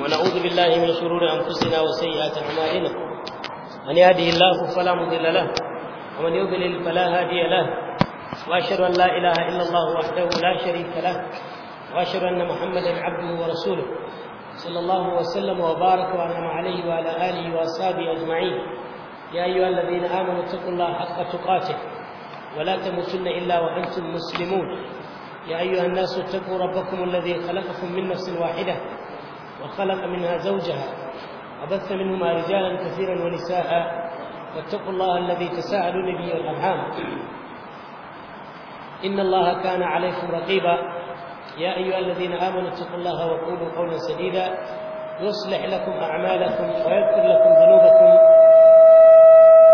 ونعوذ بالله من شرور أنفسنا وسيئات أعمالنا من يهده الله فلا مضل له ومن يضلل فلا هادي له وأشهد أن لا إله إلا الله وحده لا شريك له وأشهد أن محمدا عبده ورسوله صلى الله وسلم وبارك وأنعم عليه وعلى آله وأصحابه أجمعين يا أيها الذين آمنوا اتقوا الله حق تقاته ولا تموتن إلا وأنتم مسلمون يا أيها الناس اتقوا ربكم الذي خلقكم من نفس واحدة وخلق منها زوجها وبث منهما رجالا كثيرا ونساء واتقوا الله الذي تساءلون به الأرحام إن الله كان عليكم رقيبا يا أيها الذين آمنوا اتقوا الله وقولوا قولا سديدا يصلح لكم أعمالكم ويذكر لكم ذنوبكم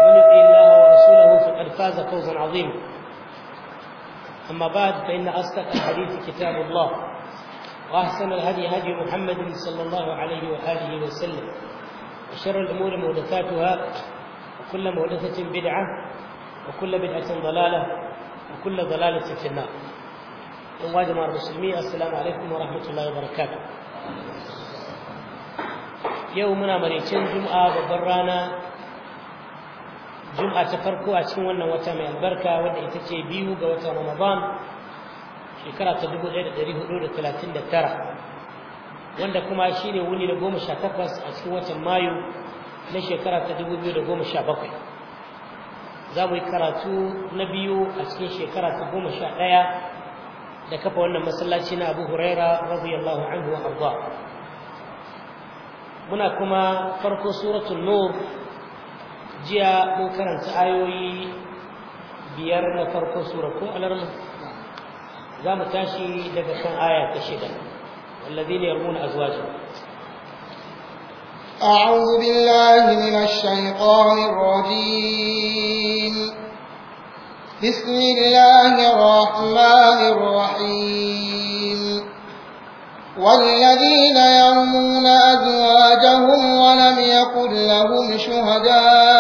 ومن يطع الله ورسوله فقد فاز فوزا عظيما أما بعد فإن أصدق الحديث كتاب الله وأحسن الهدي هدي محمد صلى الله عليه وآله وسلم وشر الأمور محدثاتها وكل محدثة بدعة وكل بدعة ضلالة وكل ضلالة في النار أمواج المسلمين السلام عليكم ورحمة الله وبركاته يومنا مريتين جمعة وبرانا jum'a ta farko a cikin wannan wata mai albarka wadda ita ce biyu ga wata ramadan shekara ta 1439 wanda kuma shi ne wuni da goma sha takwas a cikin watan mayu na shekara ta 2017 za mu yi karatu na biyu a cikin shekara ta goma sha ɗaya da kafa wannan masallaci na abu huraira radiyallahu anhu wa arda muna kuma farko suratul nur jiya mun karanta ayoyi biyar na farko surakun alarma za mu tashi daga kan aya ta shida wallazina yarmuna azwajuhum أعوذ بالله من الشيطان الرجيم بسم الله الرحمن الرحيم والذين يرمون أزواجهم ولم يقل لهم شهدان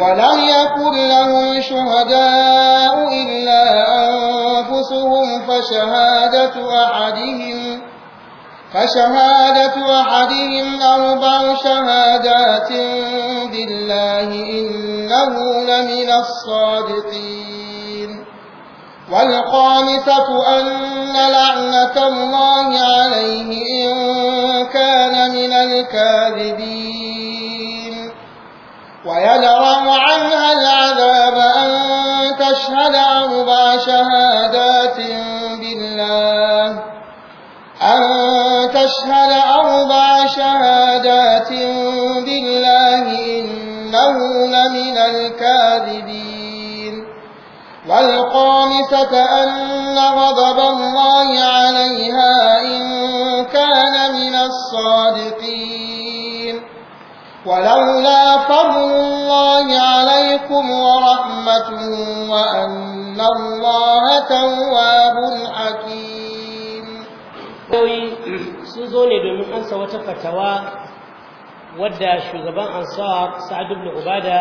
ولم يكن لهم شهداء إلا أنفسهم فشهادة أحدهم فشهادة أحدهم أربع شهادات بالله إنه لمن الصادقين والخامسة أن لعنة الله عليه إن كان من الكاذبين ويدرأ عنها العذاب أن تشهد أربع شهادات بالله أن تشهد أربع شهادات بالله إنه لمن الكاذبين والقامسة أن غضب الله عليها إن كان من الصادقين ولولا فضل الله عليكم ورحمته وأن الله تواب حكيم sun zo ne domin ansa wata fatawa wadda shugaban ansa sa'ad ibn ubada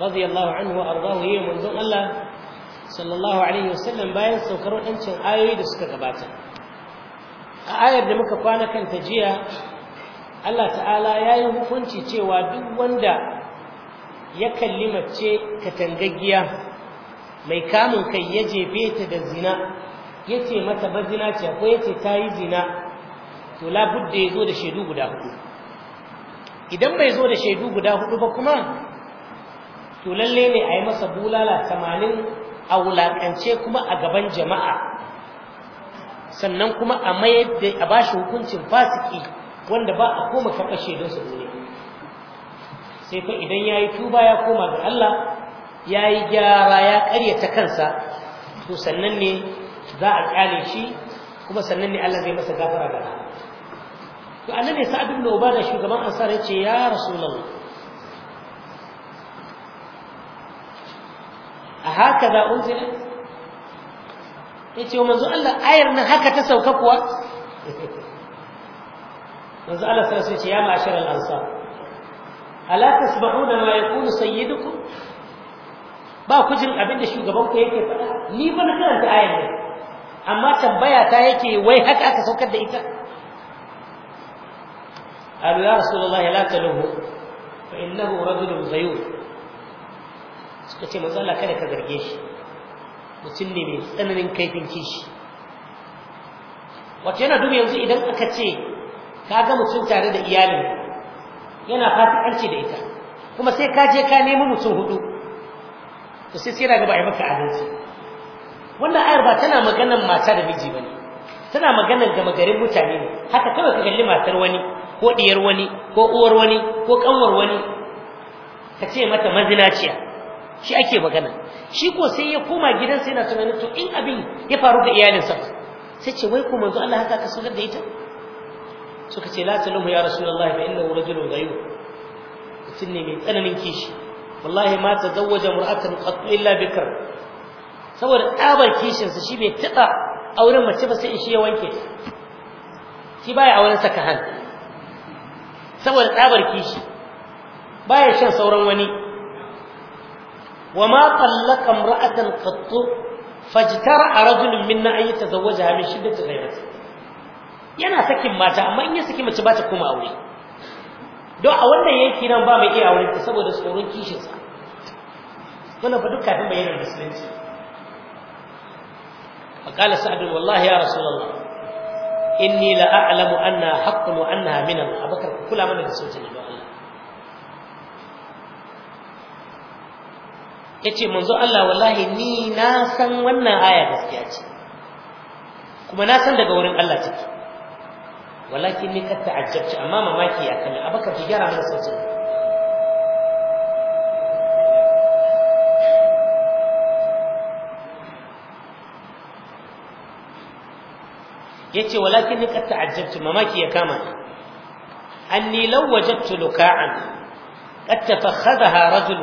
radiyallahu anhu wa ardahu yayin manzon Allah sallallahu alaihi wasallam bayan saukar wadancan ayoyi da suka gabata a ayar da muka kwana kanta jiya Allah ta'ala ya yi hukunci cewa duk wanda ya kalli mace katangaggiya mai kamun kai ya jefe ta da zina ya ce mata ba zina ce ko ya ce ta yi zina to labudda ya zo da shaidu guda hudu idan bai zo da shaidu guda hudu ba kuma to lalle ne a yi masa bulala tamanin a wulakance kuma a gaban jama'a sannan kuma a mayar da a bashi hukuncin fasiki wanda ba a koma karɓar shaidunsa da sai fa idan ya yi tuba ya koma ga Allah ya yi gyara ya ƙaryata kansa to sannan ne za a ƙyale shi kuma sannan ne Allah zai masa gafara da to annan ne sa'ad ibn ubada shugaban ansar yace ya rasulullah a haka da unzila yace manzo Allah ayar nan haka ta sauka kuwa yanzu Allah sai ce ya ma'ashar ansa. ansar ala tasbahuna ma yaqulu sayyidukum ba ku jin abin da shugaban ku yake faɗa ni ba na karanta ayar ne amma tambaya ta yake wai haka aka saukar da ita قالوا يا رسول الله لا تلوه فإنه رجل غيور suka ce manzo Allah kada ka zarge shi mutum ne mai tsananin kaifin kishi wato yana duba yanzu idan aka ce ka ga mutum tare da iyalin yana fasikanci da ita kuma sai ka je ka nemi mutum hudu to sai sai daga bai maka abinci. wannan ayar ba tana maganan mata da miji bane tana maganan gama garin mutane ne haka kawai ka kalli matar wani ko diyar wani ko uwar wani ko kanwar wani ka ce mata mazinaciya shi ake magana shi ko sai ya koma gidansa yana tunanin to in abin ya faru ga iyalinsa sai ce wai ko manzo Allah haka ka sanar da ita suka ce la talumu ya rasulullahi fa innahu rajulun ghayub mutum ne mai tsananin kishi wallahi ma tazawwaja mar'atan qat illa bikr saboda ɗabar kishinsa shi mai taba auren mace ba sai shi ya wanke shi baya auren sakahan saboda ɗabar kishi baya shan sauran wani وما طلق امرأة قط فاجترأ رجل منا أن يتزوجها من شدة غيرته yana sakin mata amma in ya saki mace ba ta koma aure don a wannan yanki nan ba mai iya aure ta saboda tsoron kishinsa wannan fa duk kafin bayyana musulunci فقال سعد والله يا رسول الله inni la a'lamu anna haqqun wa anna min abakar kula mana da sautin da Allah yace manzo Allah wallahi ni na san wannan aya gaskiya ce kuma na san daga wurin Allah take walakin ni ka ta'ajjabci amma mamaki ya kan abakar ki gyara mana sautin yace walakin ni ka ta'ajjabci mamaki ya kama ni anni law wajadtu luka'an قد تفخذها رجل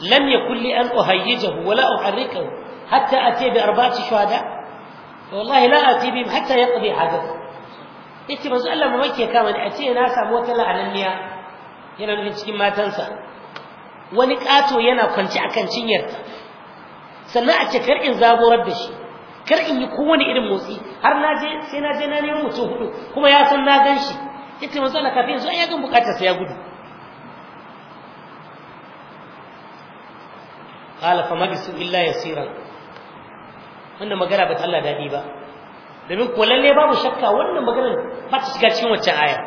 لم يكن لي أن أهيجه ولا أحركه حتى أتي بأربعة شهداء والله لا أتي بهم حتى يقضي حدثه yake manzo Allah mamaki yake kama ni a ce na samu wata la'ananniya yana nufin cikin matansa wani kato yana kwanci akan cinyarta sannan a ce kar in zaburar da shi kar in yi kowane irin motsi har na je sai na je na nemi mutum hudu kuma ya san na gan shi yace manzo Allah kafin yanzu ya gan bukatar sa ya gudu qala fa mabisu illa yasiran wannan magana ba ta Allah dadi ba domin ko babu shakka wannan maganar ba ta shiga cikin waccan aya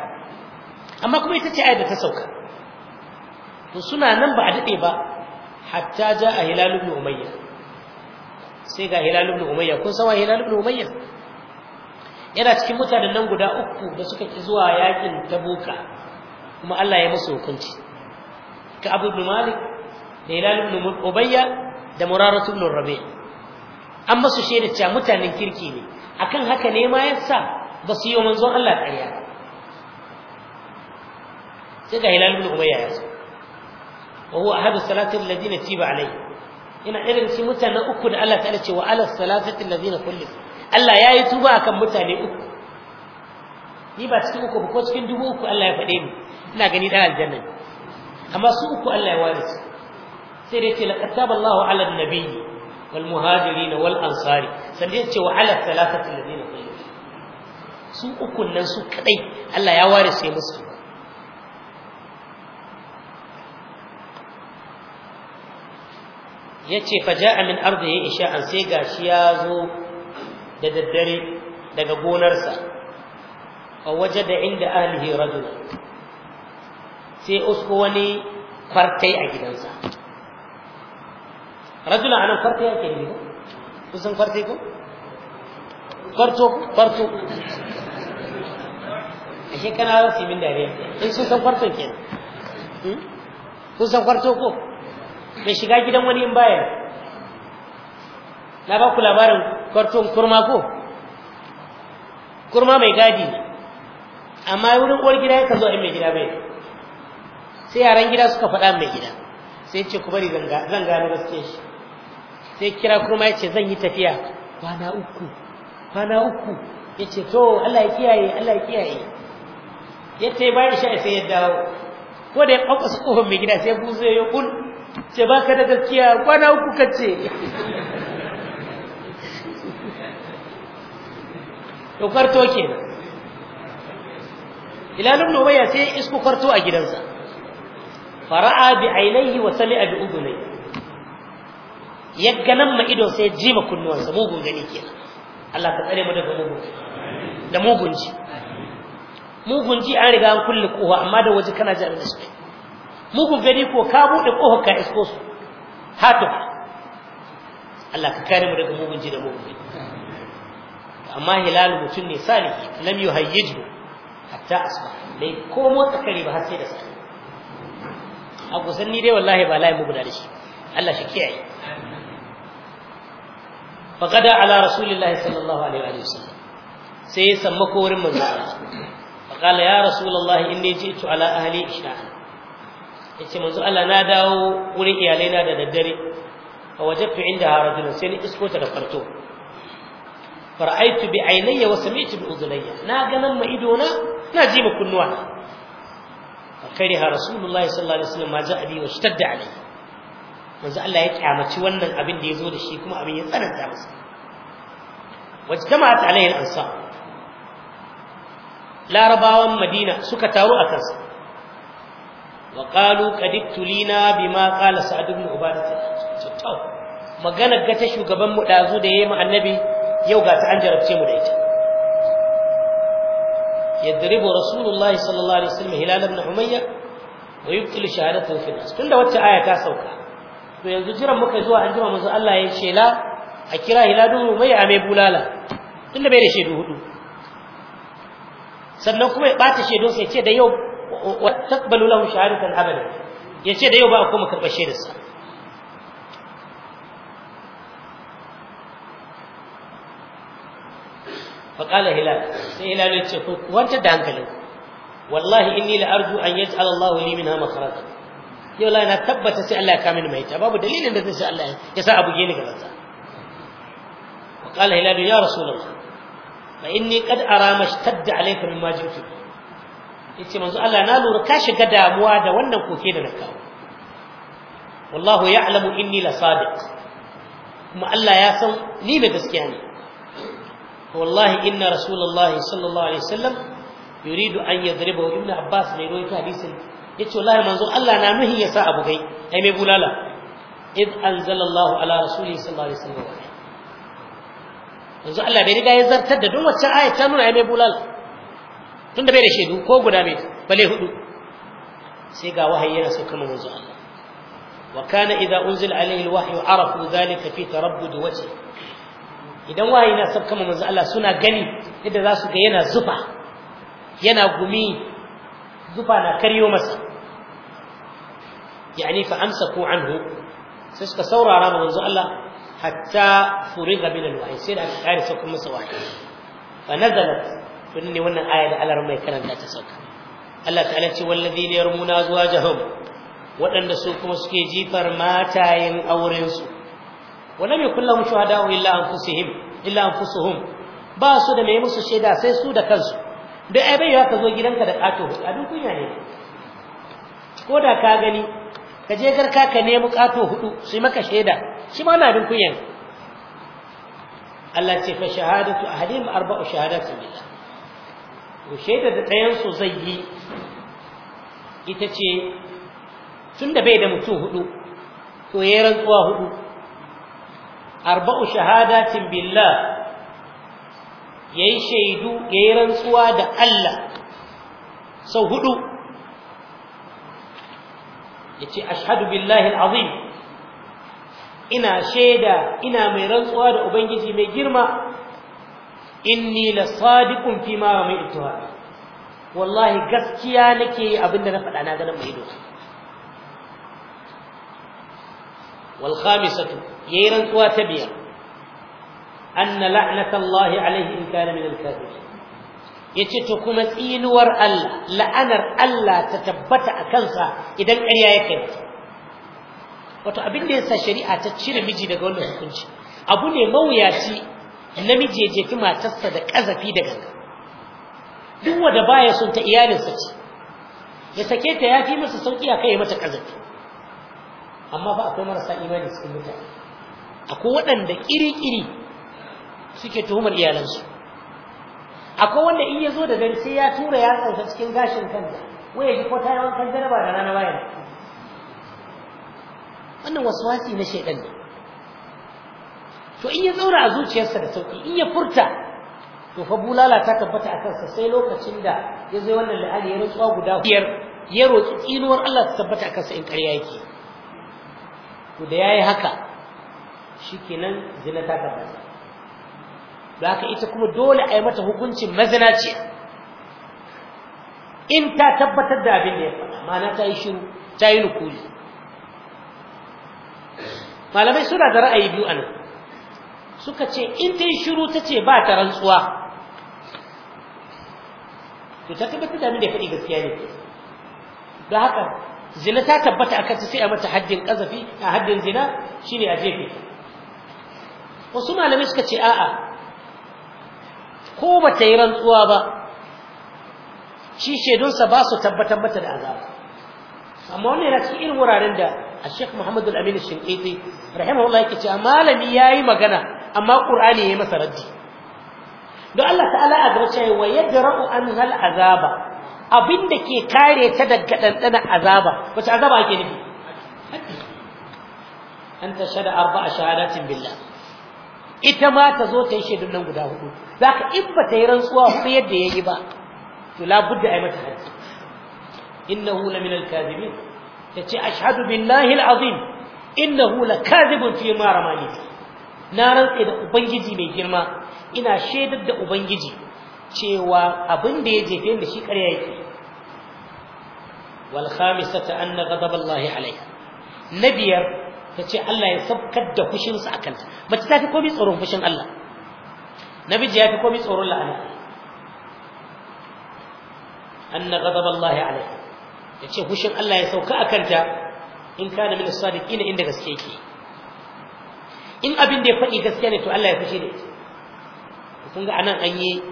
amma kuma ita ce aya da ta sauka to suna nan ba a dade ba hatta ja a hilal ibn umayya sai ga hilal ibn umayya kun san wa hilal ibn umayya yana cikin mutanen nan guda uku da suka ki zuwa yakin tabuka kuma Allah ya musu hukunci ka abu ibn malik da hilal ibn umayya da murarat ibn rabi' an masu shaida cewa mutanen kirki ne akan haka ne ma yasa ba su yi wa manzon Allah ƙarya sai ga hilal ibn umayya ya zo wa huwa ahadu salati alladhina tiba alayhi yana irin shi mutane uku da Allah ta'ala ce wa ala salatati alladhina kullu Allah ya yi tuba akan mutane uku ni ba cikin uku ba ko cikin dubu uku Allah ya faɗe ni ina gani dan aljanna amma su uku Allah ya ware su sai dai ce laqad taba Allahu ala an-nabiyyi wal na wal ansari sannan ya ce ala thalathati alladhina su ukun nan su kadai Allah ya ware sai musu yace faja'a min ardihi isha'an sai gashi ya zo da daddare daga gonarsa a waje da inda ahlihi rajul sai usku wani kwartai a gidansa رجل عن farko yake ne ko kusan فرتو ko ايش كان هذا في من داري ايش فرتو ko shiga gidan wani in baya na ba ku labarin kwarton kurma ko kurma mai gadi amma wurin uwar gida ya zo in mai gida bai sai yaran gida suka faɗa mai gida sai ce ku bari zan gano gaske shi sai kira kuma ya ce zan yi tafiya kwana uku kwana uku ya ce to Allah ya kiyaye Allah ya kiyaye ya ce bayan sha sai ya dawo ko da ya ɓauka su ƙofar mai gida sai buzo ya kun ce ba ka da gaskiya kwana uku ka ce to kwarto ke ilalun nomaya sai isko kwarto a gidansa fara'a bi ainihi wa a bi ugunai ya nan ma ido sai jima kunnuwan kunnuwansa mugun gani ke Allah ka tsare mu daga mugun da mugun ji mugun ji an riga an kulle kowa amma da waje kana ji abin da mugun gani ko ka bude kofa ka isko su hato Allah ka kare mu daga mugun ji da mugun gani amma hilal mutun ne salihi lam yuhayyiju hatta asba bai komo tsakari ba har sai da sa'a a kusan ni dai wallahi ba lai mu guda da shi Allah shi kiyaye faqada ala rasulillahi sallallahu alaihi wa sai ya samma korin manzo faqala ya rasulullahi inni ji'tu ala ahli isha yace manzo Allah na dawo wurin iyalaina da daddare fa wajadtu indaha rajulan sai ni isko ta da farto fara'aitu bi aynayya wa sami'tu bi udhunayya na ganan ma idona na ji ma kunnuwa فكره رسول الله sallallahu alaihi عليه وسلم ما جاء بي واشتد عليه manzo Allah ya kyamaci wannan abin da yazo da shi kuma abin ya tsananta a wajtama'at alayhi al-ansar larabawan madina suka taru a kansa wa qalu qad tulina bima qala sa'd ibn ubadah taw magana ga ta shugaban mu dazu da yayi mu annabi yau ga ta an jarabce mu da ita yadribu rasulullahi sallallahu alaihi wasallam hilal ibn umayyah wa yubtilu shahadatu fi nas tunda wata aya ta sauka to yanzu jiran muka zuwa an jima manzo Allah ya ce la a kira hiladun mai a bulala tunda bai da shedu hudu sannan kuma ya bata shedun sai ce da yau wa lahu shahadatan abada ya ce da yau ba a kuma karɓar shedarsa فقال هلال سي هلال يتشكو وانت دانكلو والله إني لأرجو أن يجعل الله لي منها مخرجا yau la na tabbata sai Allah ya kama ni mai ta babu dalilin da zai sa Allah ya sa abu gene ga zata wa qala hilal ya rasulullah fa inni qad ara mashtadda alayka mimma jitu yace manzo Allah na lura ka shiga damuwa da wannan koke da na kawo wallahu ya'lamu inni la sadiq kuma Allah ya san ni mai gaskiya ne wallahi inna rasulullahi sallallahu alaihi wasallam yuridu an yadribahu ibnu abbas ne ruwaita hadisin yace wallahi manzon Allah na nuhi ya sa abu kai ai mai bulala id anzalallahu ala rasulihi sallallahu alaihi wasallam yanzu Allah bai riga ya zartar da duk wacce aya ta nuna ai mai bulala tunda bai da shedu ko guda bai bale hudu sai ga wahayi yana saukar manzon Allah wa kana idza unzila alaihi alwahyu arafu dhalika fi tarabbud wajhi idan wahayi na saukar manzon Allah suna gani yadda za su ga yana zufa yana gumi zufa na karyo masa yani fa ko anhu sai suka saurara ma manzo Allah hatta furiga min alwahyi sai da aka sa kuma masa wahayi fa nazalat wannan aya da mai karanta ta sauka Allah ta'ala ce walladhina yarmuna azwajahum waɗanda su kuma suke jifar matayen auren su wala mai kullu shuhada illa anfusihim illa ba su da mai musu shaida sai su da kansu da ai bai ya ka zo gidanka da kato abin kunya ne ko da ka gani ka je garka ka nemi kato hudu su maka shaida shi ma na bin kunyan Allah ce fa shahadatu ahadihim arba'u shahadatu billah to shaida da ɗayan su zai yi ita ce tunda bai da mutum hudu to yayi rantsuwa hudu arba'u shahadatin billah yayi shaidu yayi rantsuwa da Allah sau hudu yace ashadu billahi alazim ina shaida ina mai rantsuwa da ubangiji mai girma inni la sadiqun fi ma ramaitu wallahi gaskiya nake abinda na faɗa na ganin mai ido wal khamisatu yayi rantsuwa ta biyar anna la'nata allahi alaihi in kana min al-kafirin yace to kuma tsinuwar Allah la'anar Allah ta tabbata a kansa idan ƙarya ya kai wato abin da yasa shari'a ta cire miji daga wannan hukunci abu ne mawuyaci namiji ya jefi matarsa da ƙazafi da ganga duk wanda baya son ta iyalinsa ce ya sake ta yafi masa sauki a kai mata ƙazafi amma fa akwai marasa imani cikin mutane akwai waɗanda ƙiri-ƙiri suke tuhumar iyalansu akwai wanda in ya zo da dare sai ya tura ya tsauta cikin gashin kansa wai ya ji ko ta yawan kan jaraba da rana bayan wannan waswasi na shaidan ne to in ya zauna a zuciyarsa da sauki in ya furta to fa bulala ta tabbata a kansa sai lokacin da ya zo wannan la'ali ya rutsuwa guda biyar ya roƙi tsinuwar Allah ta tabbata a kansa in ƙarya yake to da yayi haka shikenan zina ta tabbata da haka ita kuma dole a yi mata hukuncin mazinaci in ta tabbatar da abin da ya faɗa mana ta yi shiru ta yi nukuli malamai suna da ra'ayi biyu a nan suka ce in ta yi shiru ta ce ba ta rantsuwa to ta tabbatar da abin da ya faɗi gaskiya ne da haka zina ta tabbata a kanta sai a mata haddin ƙazafi a haddin zina shine a jefe wasu malamai suka ce a'a ko ba ta yi rantsuwa ba shi shaidunsa ba su tabbatar mata da azaba amma wannan yana cikin irin wuraren da a Sheikh Muhammad Al-Amin Shinqiti rahimahullah yake cewa malami yi magana amma Qur'ani yi masa raddi don Allah ta'ala a gaba cewa wa yadra'u an hal azaba abinda ke kare ta daga dandana azaba wace azaba ake nufi an tashhada arba'a shahadatin billah ita ma ta zo ta yi shaidun nan guda hudu ka in ba ta yi rantsuwa hudu yadda ya yi ba to la a yi mata haji innahu la min al-kadhibin yace ashhadu billahi al-azim innahu la kazibin fi ma ramani na rantsa da ubangiji mai girma ina shaidar da ubangiji cewa abin da ya jefe da shi ƙarya yake wal khamisata anna ghadab Allah na biyar. ta ce Allah ya sabkar da fushinsa a kanta mace ta fi komi tsoron fushin Allah namiji ya fi komi tsoron la'ana anna ghadab Allah alai ta ce fushin Allah ya sauka a kanta in kana min sadiqin inda gaske yake in abin da ya faɗi gaskiya ne to Allah ya fushi da ita kun ga anan an yi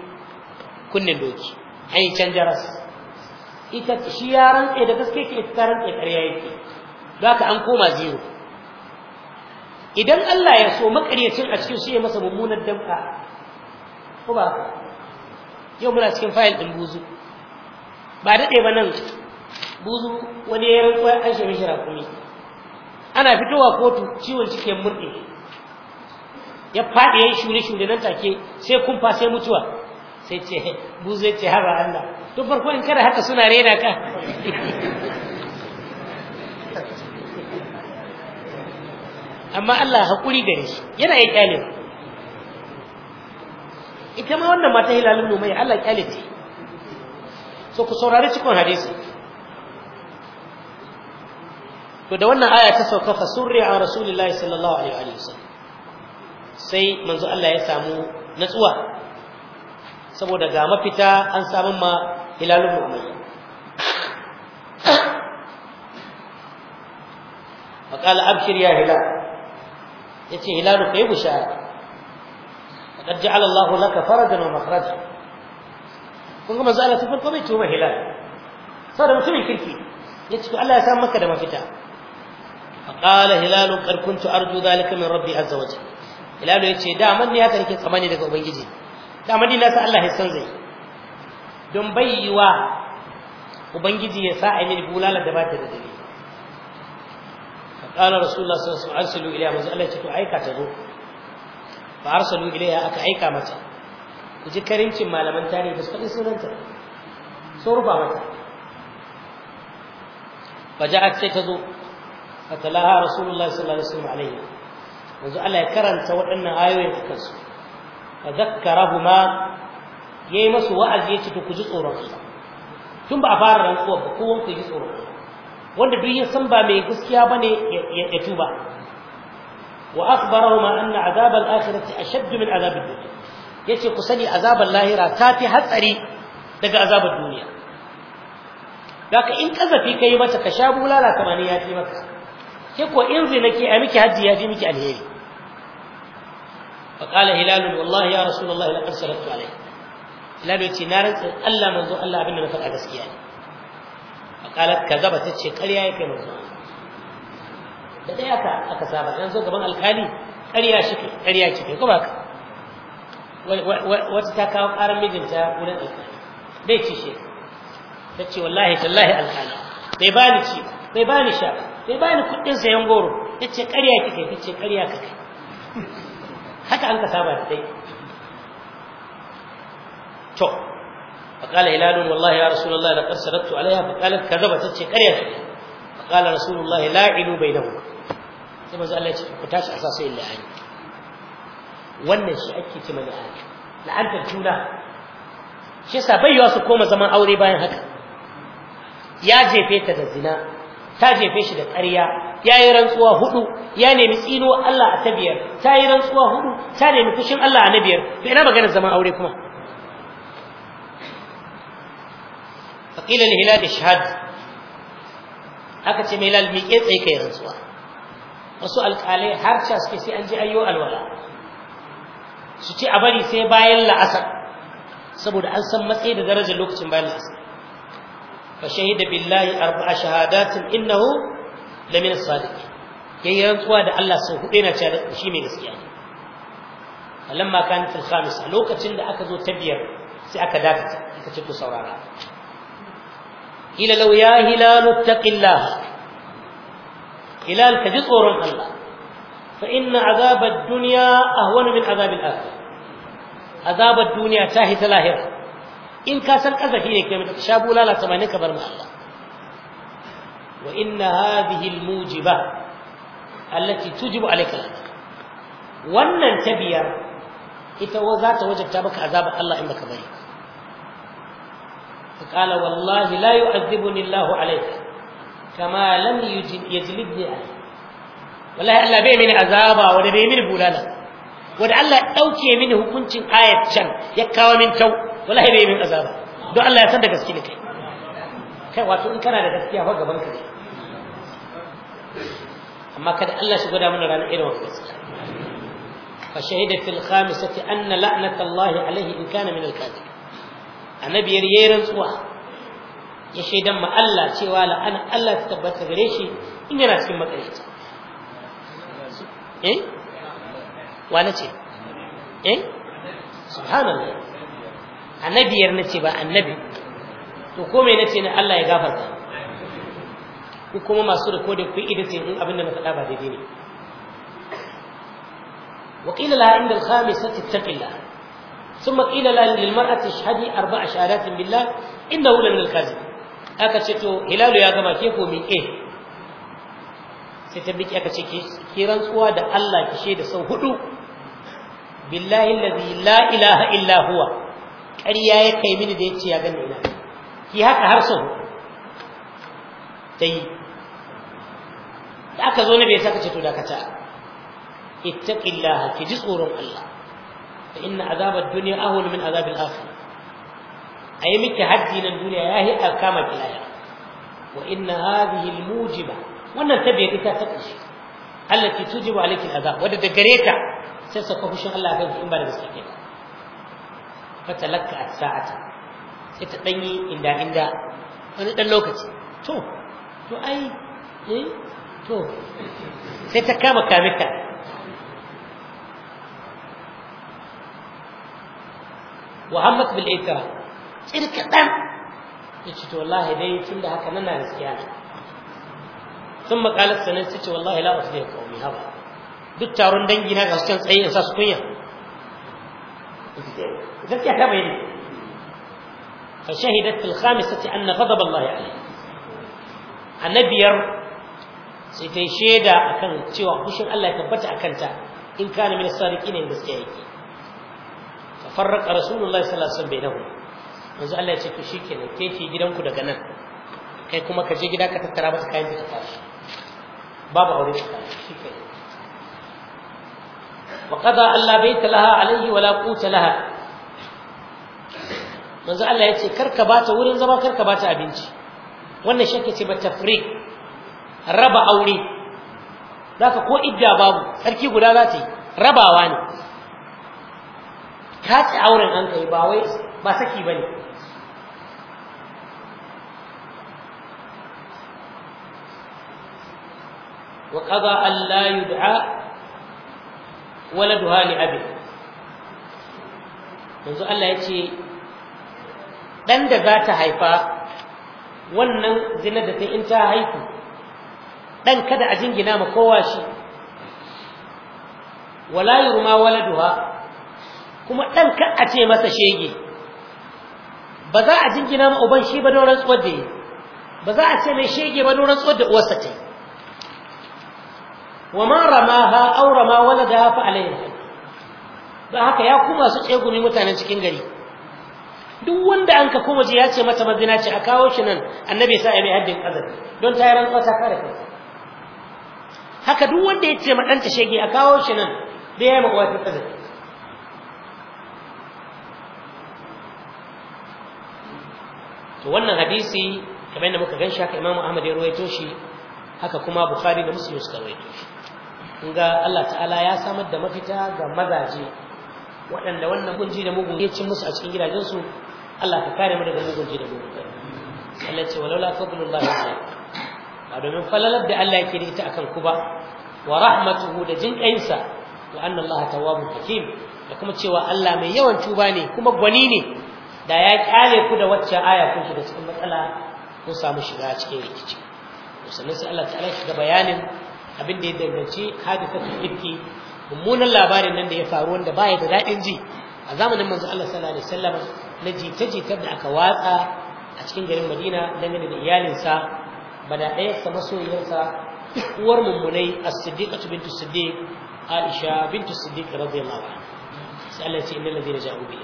kunnen doki an yi canja ita shi ya rantse da gaske ke ita rantse ƙarya yake don haka an koma zero idan Allah ya so makaryacin a cikin shi ya masa mummunar damka ko ba yau muna cikin fayil din buzu ba daɗe ba nan buzu wani ya rantsuwa an shi mishi rakumi ana fitowa kotu ciwon cikin murɗe ya faɗi ya yi shure-shure nan take sai kumfa sai mutuwa sai ce buzu ya ce haba Allah to farko in kada haka suna rena ka amma Allah hakuri gare shi yana ya kyale ita ma wannan mata hilalin numai Allah kyale ce so ku saurari cikin hadisi to da wannan aya ta sauka fa surri a rasulullahi sallallahu alaihi wa sallam sai manzo Allah ya samu natsuwa saboda ga mafita an samu ma hilalin mu'min فقال qala يا ya yace hilalu kai bushara qad ja'ala Allahu laka farajan wa makhraja kun ga manzo Allah ta farko bai tuba hilal saboda mutumin kirki yace to Allah ya sa maka da mafita faqala hilalu qad kuntu arju dhalika min rabbi azza wa jalla hilalu yace da man ne haka nake tsamani daga ubangiji da man na sa Allah ya san zai don bai yiwa ubangiji ya sa a yi bulala da ba ta da dare qala rasulullah sallallahu alaihi wasallam arsalu ilayha ya ce to aika ta ya karanta yayi wa'azi tun ba a fara rantsuwa ba kowan ku tsoron wanda duk ya san ba mai gaskiya bane ya tuba wa akhbarahuma anna azab al-akhirati ashadd min azab ad-dunya yace ku sani azab al-lahira tafi hatsari daga azab ad-dunya daga in kazafi kai mata ka sha bulala kamar ya fi maka ke ko in zinaki a miki haji ya fi miki alheri فقال هلال والله يا رسول الله لقد سرت عليه هلال يتي نارن الله منذ الله ابن مفقا غسكيا qalat kazaba tace ƙarya yake manzo da dai aka aka saba an zo gaban alkali ƙarya shi ke ƙarya shi ko ba ka wata ta kawo ƙarar mijinta wurin alkali dai ci shi ta ce wallahi tallahi alkali bai bani ci bai bani sha bai bani kuɗin sayan goro ta ce ƙarya kike ta ce ƙarya kake haka an ka saba da dai to فقال هلال والله يا رسول الله لقد سردت عليها فقالت كذبت قرية فقال رسول الله لا علو بينهما sai manzo Allah ya tashi a sa sai la'ani wannan shi ake ce mana la'ani la'antar juna shi yasa bai su koma zaman aure bayan haka ya jefeta ta da zina ta jefe shi da ƙarya ya yi rantsuwa hudu ya nemi tsino Allah a ta biyar ta yi rantsuwa hudu ta nemi fushin Allah a na biyar to ina maganar zaman aure kuma Faƙila li hilal ishhad aka ce mai hilal mi tsaye kai rantsuwa wasu alƙalai har ta suke sai an ji ayyo alwala su ce a bari sai bayan la'asar saboda an san matsayi da darajar lokacin bayan la'asar fa shahida billahi arba'a shahadatin innahu lamin sadiqin yayin rantsuwa da Allah sau hudu yana cewa shi mai gaskiya ne falamma kanat al-khamis lokacin da aka zo ta biyar sai aka dakata aka ce ku saurara قيل له يا هلال اتق الله هلال كجزء من الله فإن عذاب الدنيا أهون من عذاب الآخرة عذاب الدنيا تاهي تلاهرة إن كاسل أذى فيك من تشابه لا لا تمانيك برمى الله وإن هذه الموجبة التي تجب عليك الأذى wannan ta biyar ita za ta wajabta maka azabar Allah in baka bari فقال والله لا يعذبني الله عليك كما لم يجلبني عليك wallahi Allah bai mini azaba wanda bai mini bulala wanda Allah ya mini hukuncin ayat can ya kawo min tau wallahi bai mini azaba don Allah ya san da gaske ne kai kai wato in kana da gaskiya fa gaban ka ne amma kada Allah shi gwada mana ranar irin wannan gaskiya fa anna la'nata Allah alayhi in kana min annabi yayin rantsuwa ya shaidan ma Allah cewa la'ana Allah ta tabbata gare shi in yana cikin matsayinsa eh wani ce eh subhanallah annabiyar nace ba annabi to ko me nace na Allah ya gafarta ku kuma masu rikodin ku idan sai in abin da na faɗa ba daidai ne وقيل لها عند الخامسة اتق الله ثم قيل له للمرأة اشهدي أربع شهادات بالله إنه لمن الكاذب aka ce to hilalu ya gama ke ko min eh sai ta biki aka ce kiran rantsuwa da Allah ki shaida sau hudu billahi allazi la ilaha illa huwa ƙarya ya kai mini da yace ya gane ina ki haka har sau tai da aka zo ne bai saka ce to dakata ittaqillaha ki ji tsoron Allah fa inna azabad dunya ahwal min azabil akhirah ayi miki haddi nan duniya yahi alkama bilaya wa inna hadhihi almujiba wannan tabiya ita ta kashi allati tujibu alayki alazab wadda da gare ta sai saka fushin Allah kanki in ba da gaske ba fa talakka as sai ta wani lokaci to to ai eh, to sai ta kama kamita وهمت بالاعتراف تلك دم قلت والله دي تند هكا ننا نسكيان ثم قالت سنن تجي والله لا افلي قومي هذا دك تارون دنجينا غسكن تسعي اساس كنيا قلت يا كابا يدي فشهدت في الخامسة أن غضب الله عليه النبير سيتشهد أكن تيوا بشر الله يتبت أكنتا إن كان من الصادقين عند farraka rasulullahi sallallahu alaihi wasallam bainahum yanzu Allah ya ce ku shikenan ke ki gidanku daga nan kai kuma ka je gida ka tattara masa kayan ka tashi babu aure ka shikenan wa qada alla baita laha alaihi wala quta laha manzo Allah ya ce kar karka bata wurin zama kar karka bata abinci wannan shakka ce ba tafriq raba aure ka ko idda babu sarki guda za ta yi rabawa ne Ka kace auren an kai ba wai ba saki ba ne. wa qada an la yud'a waladuha li abin. yanzu Allah ya ce dan da za ta haifa wannan zina da ta in ta haifu dan kada a jingina ma kowa shi wala yi ruma yurma waladuha kuma ɗan ka a ce masa shege ba za a jingina ma uban shi ba don rantsuwar da yi ba za a ce mai shege ba don rantsuwar da uwarsa ta wa ma ha aw rama da fa alayhi Ba haka ya kuma su tsegumi mutanen cikin gari duk wanda an ka kuma ji ya ce mata mazina ce a kawo shi nan annabi sa mai haddin azab don ta yi rantsuwa ta kare kai haka duk wanda ya ce ma ɗanta shege a kawo shi nan da ya yi ma uwa ta azab to wannan hadisi kamar yadda muka ganshi haka Imam Ahmad ya rawaito shi haka kuma Bukhari da Muslim suka rawaito shi Kunga ga Allah ta'ala ya samar da mafita ga mazaje waɗanda wannan gunji da mugun ya ci musu a cikin gidajensu Allah ta kare mu daga mugun da mugun Allah ce walaula fadlullahi alaikum ba domin falalar da Allah yake da ita akan ku ba wa rahmatuhu da jinƙayinsa wa anna Allah tawwabun hakim da kuma cewa Allah mai yawan tuba ne kuma gwani ne da ya kyale ku da wacce aya kun da cikin matsala kun samu shiga cikin rikici sannan sai Allah ta'ala shiga bayanin abin da ya danganci hadisatul ibki mummunan labarin nan da ya faru wanda baya da dadin ji a zamanin manzo Allah sallallahu alaihi wasallam na jita-jitar da aka watsa a cikin garin Madina dangane da iyalinsa bada sa masoyiyarsa uwar mummunai as-siddiqatu bintu siddiq Aisha bintu siddiq radiyallahu anha sai Allah ya ce innal ladina ja'u bi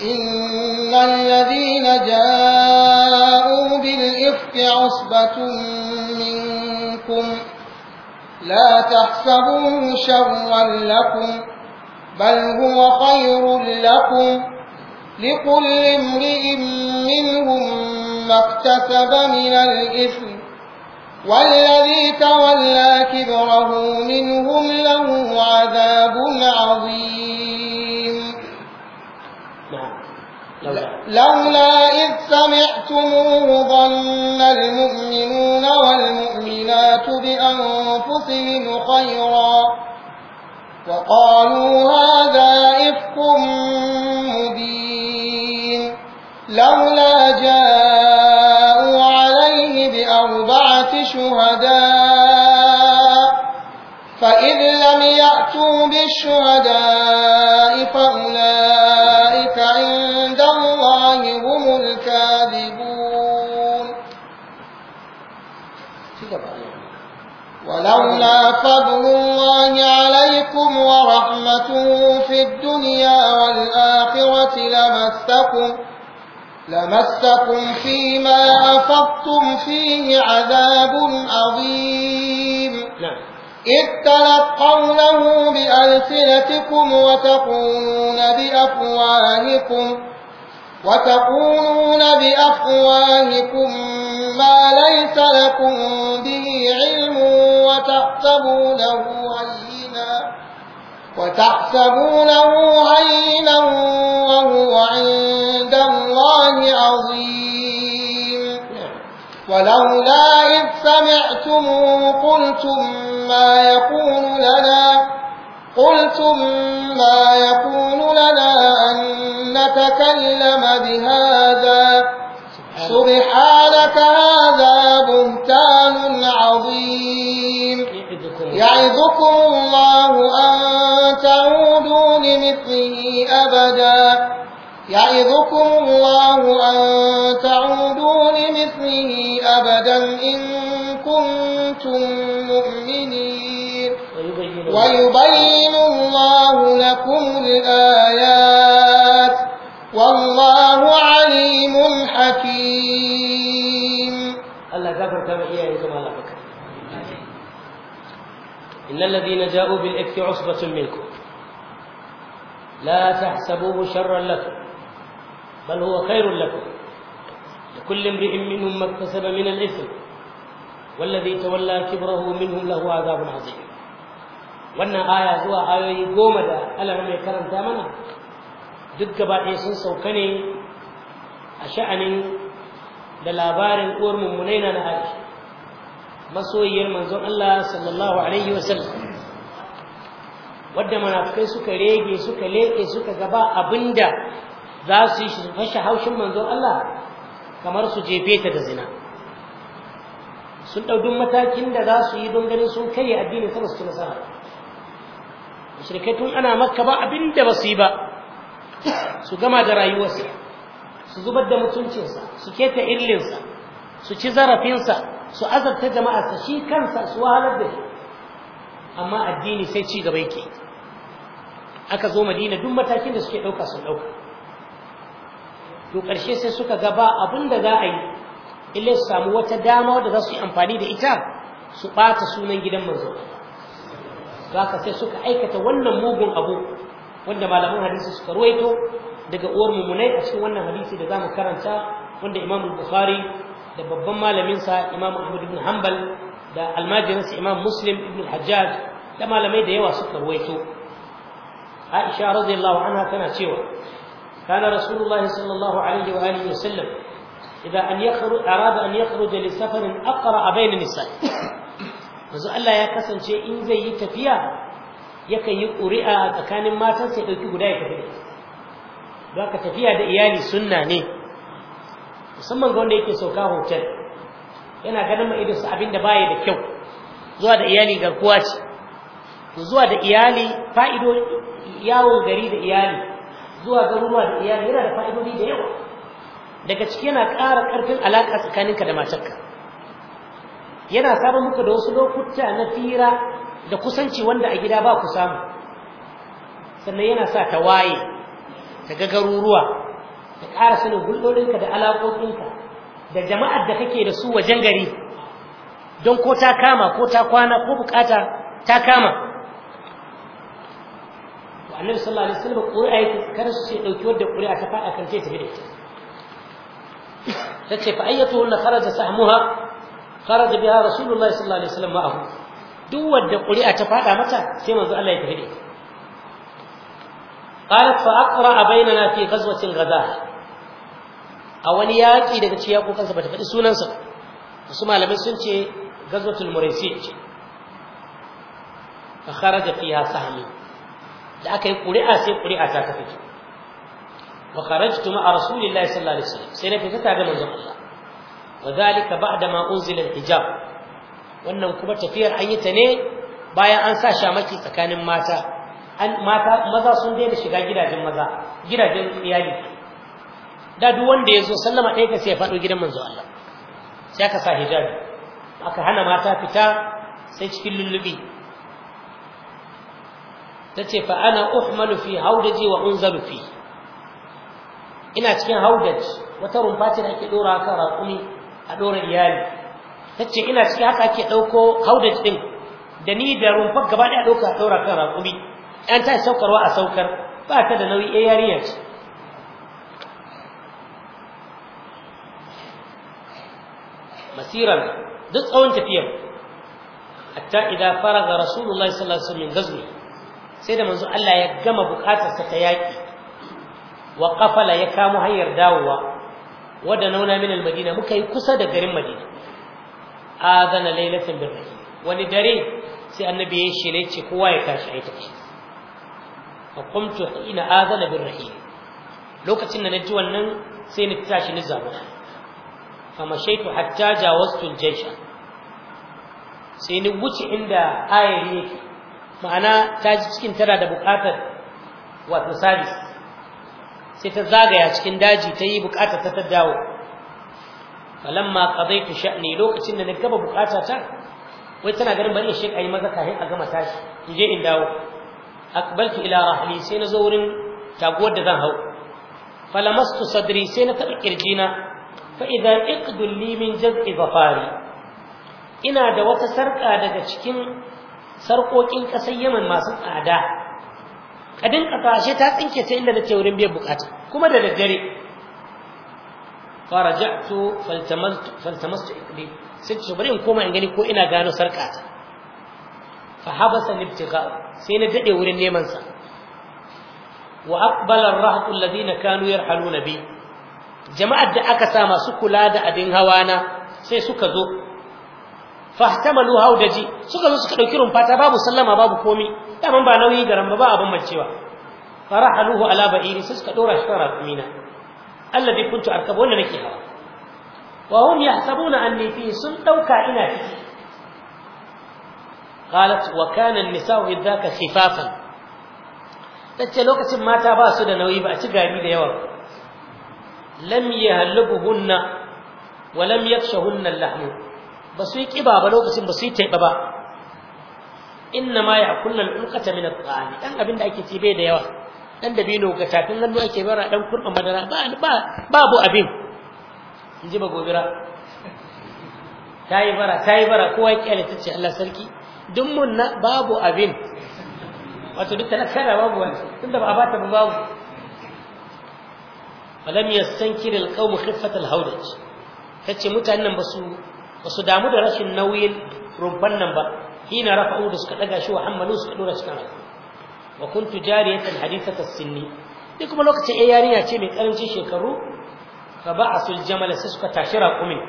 إن الذين جاءوا بالإفك عصبة منكم لا تحسبوه شرا لكم بل هو خير لكم لكل امرئ منهم ما اكتسب من الإثم والذي تولى كبره منهم له عذاب عظيم نعم. لولا إذ سمعتموه ظن المؤمنون والمؤمنات بأنفسهم خيرا وقالوا هذا إفك مبين لولا جاءوا عليه بأربعة شهداء فإذ لم يأتوا بالشهداء ولولا فضل الله عليكم ورحمته في الدنيا والآخرة لمسكم لمسكم فيما أفضتم فيه عذاب عظيم نعم. إذ تلقونه بألسنتكم وتقولون بأفواهكم وتقولون بأفواهكم ما ليس لكم به علم وتحسبونه عينا وتحسبونه هينا وهو عند الله عظيم ولولا إذ سمعتموه قلتم ما يكون لنا قلتم ما يكون لنا أن نتكلم بهذا سبحانك هذا بهتان عظيم يعظكم الله أن تعودوا لمثله أبدا يعظكم الله أن تعودوا لمثله أبدا إن كنتم مؤمنين ويبين الله لكم الآيات والله الذين جاءوا بالإفك عصبة منكم لا تحسبوه شرا لكم بل هو خير لكم لكل امرئ منهم ما اكتسب من الإثم والذي تولى كبره منهم له عذاب عظيم wannan aya zuwa ayoyi goma da Allah mai karanta mana duk gaba ɗaya sun sauka ne a sha'anin da labarin uwar mummunai na masoyiyar manzon Allah sallallahu alaihi wasallam wadda munafikai suka rege suka leke suka gaba abinda za su yi fashe haushin manzon Allah kamar su jefe ta da zina sun ɗau matakin da za su yi don ganin sun karya addinin sa su ci nasara tun ana makka ba abinda ba su yi ba su gama da rayuwarsa su zubar da mutuncinsa su keta illinsa su ci zarafinsa su azabta jama'arsa shi kansa su wahalar da shi amma addini sai ci gaba yake aka zo madina duk matakin da suke ɗauka sun ɗauka to ƙarshe sai suka ga ba abin da za a yi ille su samu wata dama wadda za su yi amfani da ita su ɓata sunan gidan manzo Zaka sai suka aikata wannan mugun abu wanda malaman hadisi suka ruwaito daga uwar mumunai a cikin wannan hadisi da za mu karanta wanda imam bukhari da babban malaminsa imam ahmad ibn hanbal da almajirinsa imam muslim ibn hajjaj da malamai da yawa suka ruwaito aisha radiyallahu anha tana cewa kana rasulullahi sallallahu alaihi wa alihi wa sallam idza an yakhruj arada an yakhruj li safarin aqra bayna nisa yanzu Allah ya kasance in zai yi tafiya yakan yi ƙuri'a tsakanin matansa ya ɗauki guda ya tafi da ita. Za ka tafiya da iyali sunna ne, musamman ga wanda yake sauka hotel yana ganin ma idan su abin da baya da kyau zuwa da iyali garkuwa ce to zuwa da iyali fa'ido yawon gari da iyali zuwa garuruwa da iyali yana da fa'idodi da yawa daga ciki yana ƙara ƙarfin alaƙa tsakaninka da matarka yana samar muku da wasu lokuta na fira da kusanci wanda a gida ba ku samu sannan yana sa ta waye ta ga garuruwa ka ƙara sanin hulɗoɗinka da alaƙoƙinka da jama'ar da kake da su wajen gari don ko ta kama ko ta kwana ko bukata ta kama annabi sallallahu alaihi wasallam ƙuri'a yake kar su ce dauki wadda ƙuri'a ta faɗa kan ce tafi da ita tace fa ayyatu la kharaja sahmuha kharaja biha rasulullah sallallahu alaihi wasallam ma'ahu duk wadda ƙuri'a ta faɗa mata sai manzo Allah ya tafi da ita qalat fa aqra bainana fi ghazwatil ghadah a wani yaƙi daga cikin ba bata faɗi sunansa ba wasu malamai sun ce gazwatul muraisi ce fa kharaja fiha sahmi da aka yi ƙuri'a sai ƙuri'a ta ta fito wa kharajtu ma'a rasulillahi sallallahu alaihi wasallam sai na fita tare da manzon Allah wa zalika ba'da ma unzila al-hijab wannan kuma tafiyar an yi ta ne bayan an sa shamaki tsakanin mata an mata maza sun daina shiga gidajen maza gidajen iyali da duk wanda ya zo sallama ɗaya ka sai faɗo gidan manzo Allah sai ka sa hijabi aka hana mata fita sai cikin lullubi ta ce fa ana uhmalu fi haudaji wa unzaru fi ina cikin haudaji wata rumfa ce da ake ɗora kan raƙumi a ɗora iyali ta ce ina cikin haka ake ɗauko haudaji ɗin da ni da rumfa gaba ɗaya ɗauka a ɗora kan raƙumi ɗan ta saukarwa a saukar ba ta da nauyi ɗaya eh, yariya ce masiran duk tsawon tafiyar hatta idan ga rasulullah sallallahu alaihi wasallam sai da manzo Allah ya gama bukatarsa ta yaki wa qafala ya kamo hanyar dawowa wada nauna min almadina muka yi kusa da garin madina adana lailatan birrahi wani dare sai annabi ya shirye ce kowa ya tashi ai tafi fa qumtu hina adana birrahi lokacin da na ji wannan sai ni tashi ni zabu famashaitu hatta jawastu aljaysha sai ni wuce inda ayar yake ma'ana ta ji cikin tana da bukatar wato service sai ta zagaya cikin daji ta yi bukatar ta ta dawo zai qadaitu sha'ni lokacin da na gaba bukata ta wai tana ganin bari ya sheka yi maza kafin a gama tashi in je in dawo aqbaltu ila rahli sai na zo wurin taguwar da zan hau falamastu sadri sai na taɓa na. fa idza iqdul li min jaz'i zafari ina da wata sarka daga cikin sarkokin kasar Yemen masu tsada kadin kasashe ta tsinke ta inda nake wurin biyan bukata kuma da daddare faraja'tu faltamaltu faltamastu iqli sai ce bari in koma in gani ko ina gano sarkata fa habasa ibtigha sai na dade wurin neman sa wa aqbala ar-rahtu alladhina bi jama'ar da aka sa masu kula da abin hawa na sai suka zo fahtamalu haudaji suka zo suka dauki rumfata babu sallama babu komi daman ba nauyi garan ba ba abin macewa farahaluhu ala ba'iri sai suka dora shi kan rakumina alladhi kuntu arkabu wanda nake hawa wa hum yahsabuna anni fi sun dauka ina ciki qalat wa kana an-nisa'u idhaka khifafan tace lokacin mata ba su da nauyi ba a ci gari da yawa lam yahlubuhunna wa lam yafshahunna lahmu ba su yi kiba ba lokacin ba su yi taiba ba inna ma ya'kulna al-ulqata min at-ta'ami dan abin da ake ci bai da yawa dan dabino ga tafin hannu ake bara dan kurban madara ba babu abin inji ba gobira tayi bara tayi bara kowa ya kyale tace Allah sarki duk mun babu abin wato duk na talakara babu wani tunda ba a bata ba babu فلم يستنكر القوم خفة الهودج فتش متأنم بسو وسو درش النويل ربنا با هنا رفعوا دسك لقا شو حملوا سكدور اسكانا وكنت جارية الحديثة السنة لكم الوقت ايارية تيمي قرم تيشي كرو فبعث الجمل سسك تاشرة قومي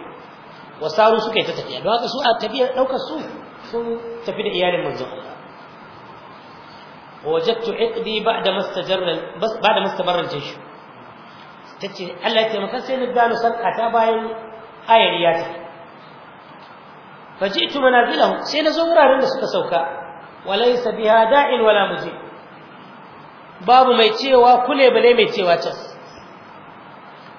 وصاروا سكي تتفيا هذا سؤال تبيع لو سوء سوء تفيد ايارية من زخرة ووجدت عقدي بعد ما استجر بعد ما استمر الجيش tace Allah ya taimaka sai na gano sarƙata bayan ayar ya ta faji'tu manazilahu sai na zo wuraren da suka sauka walaysa biha da'in wala muzi babu mai cewa kule bale mai cewa can.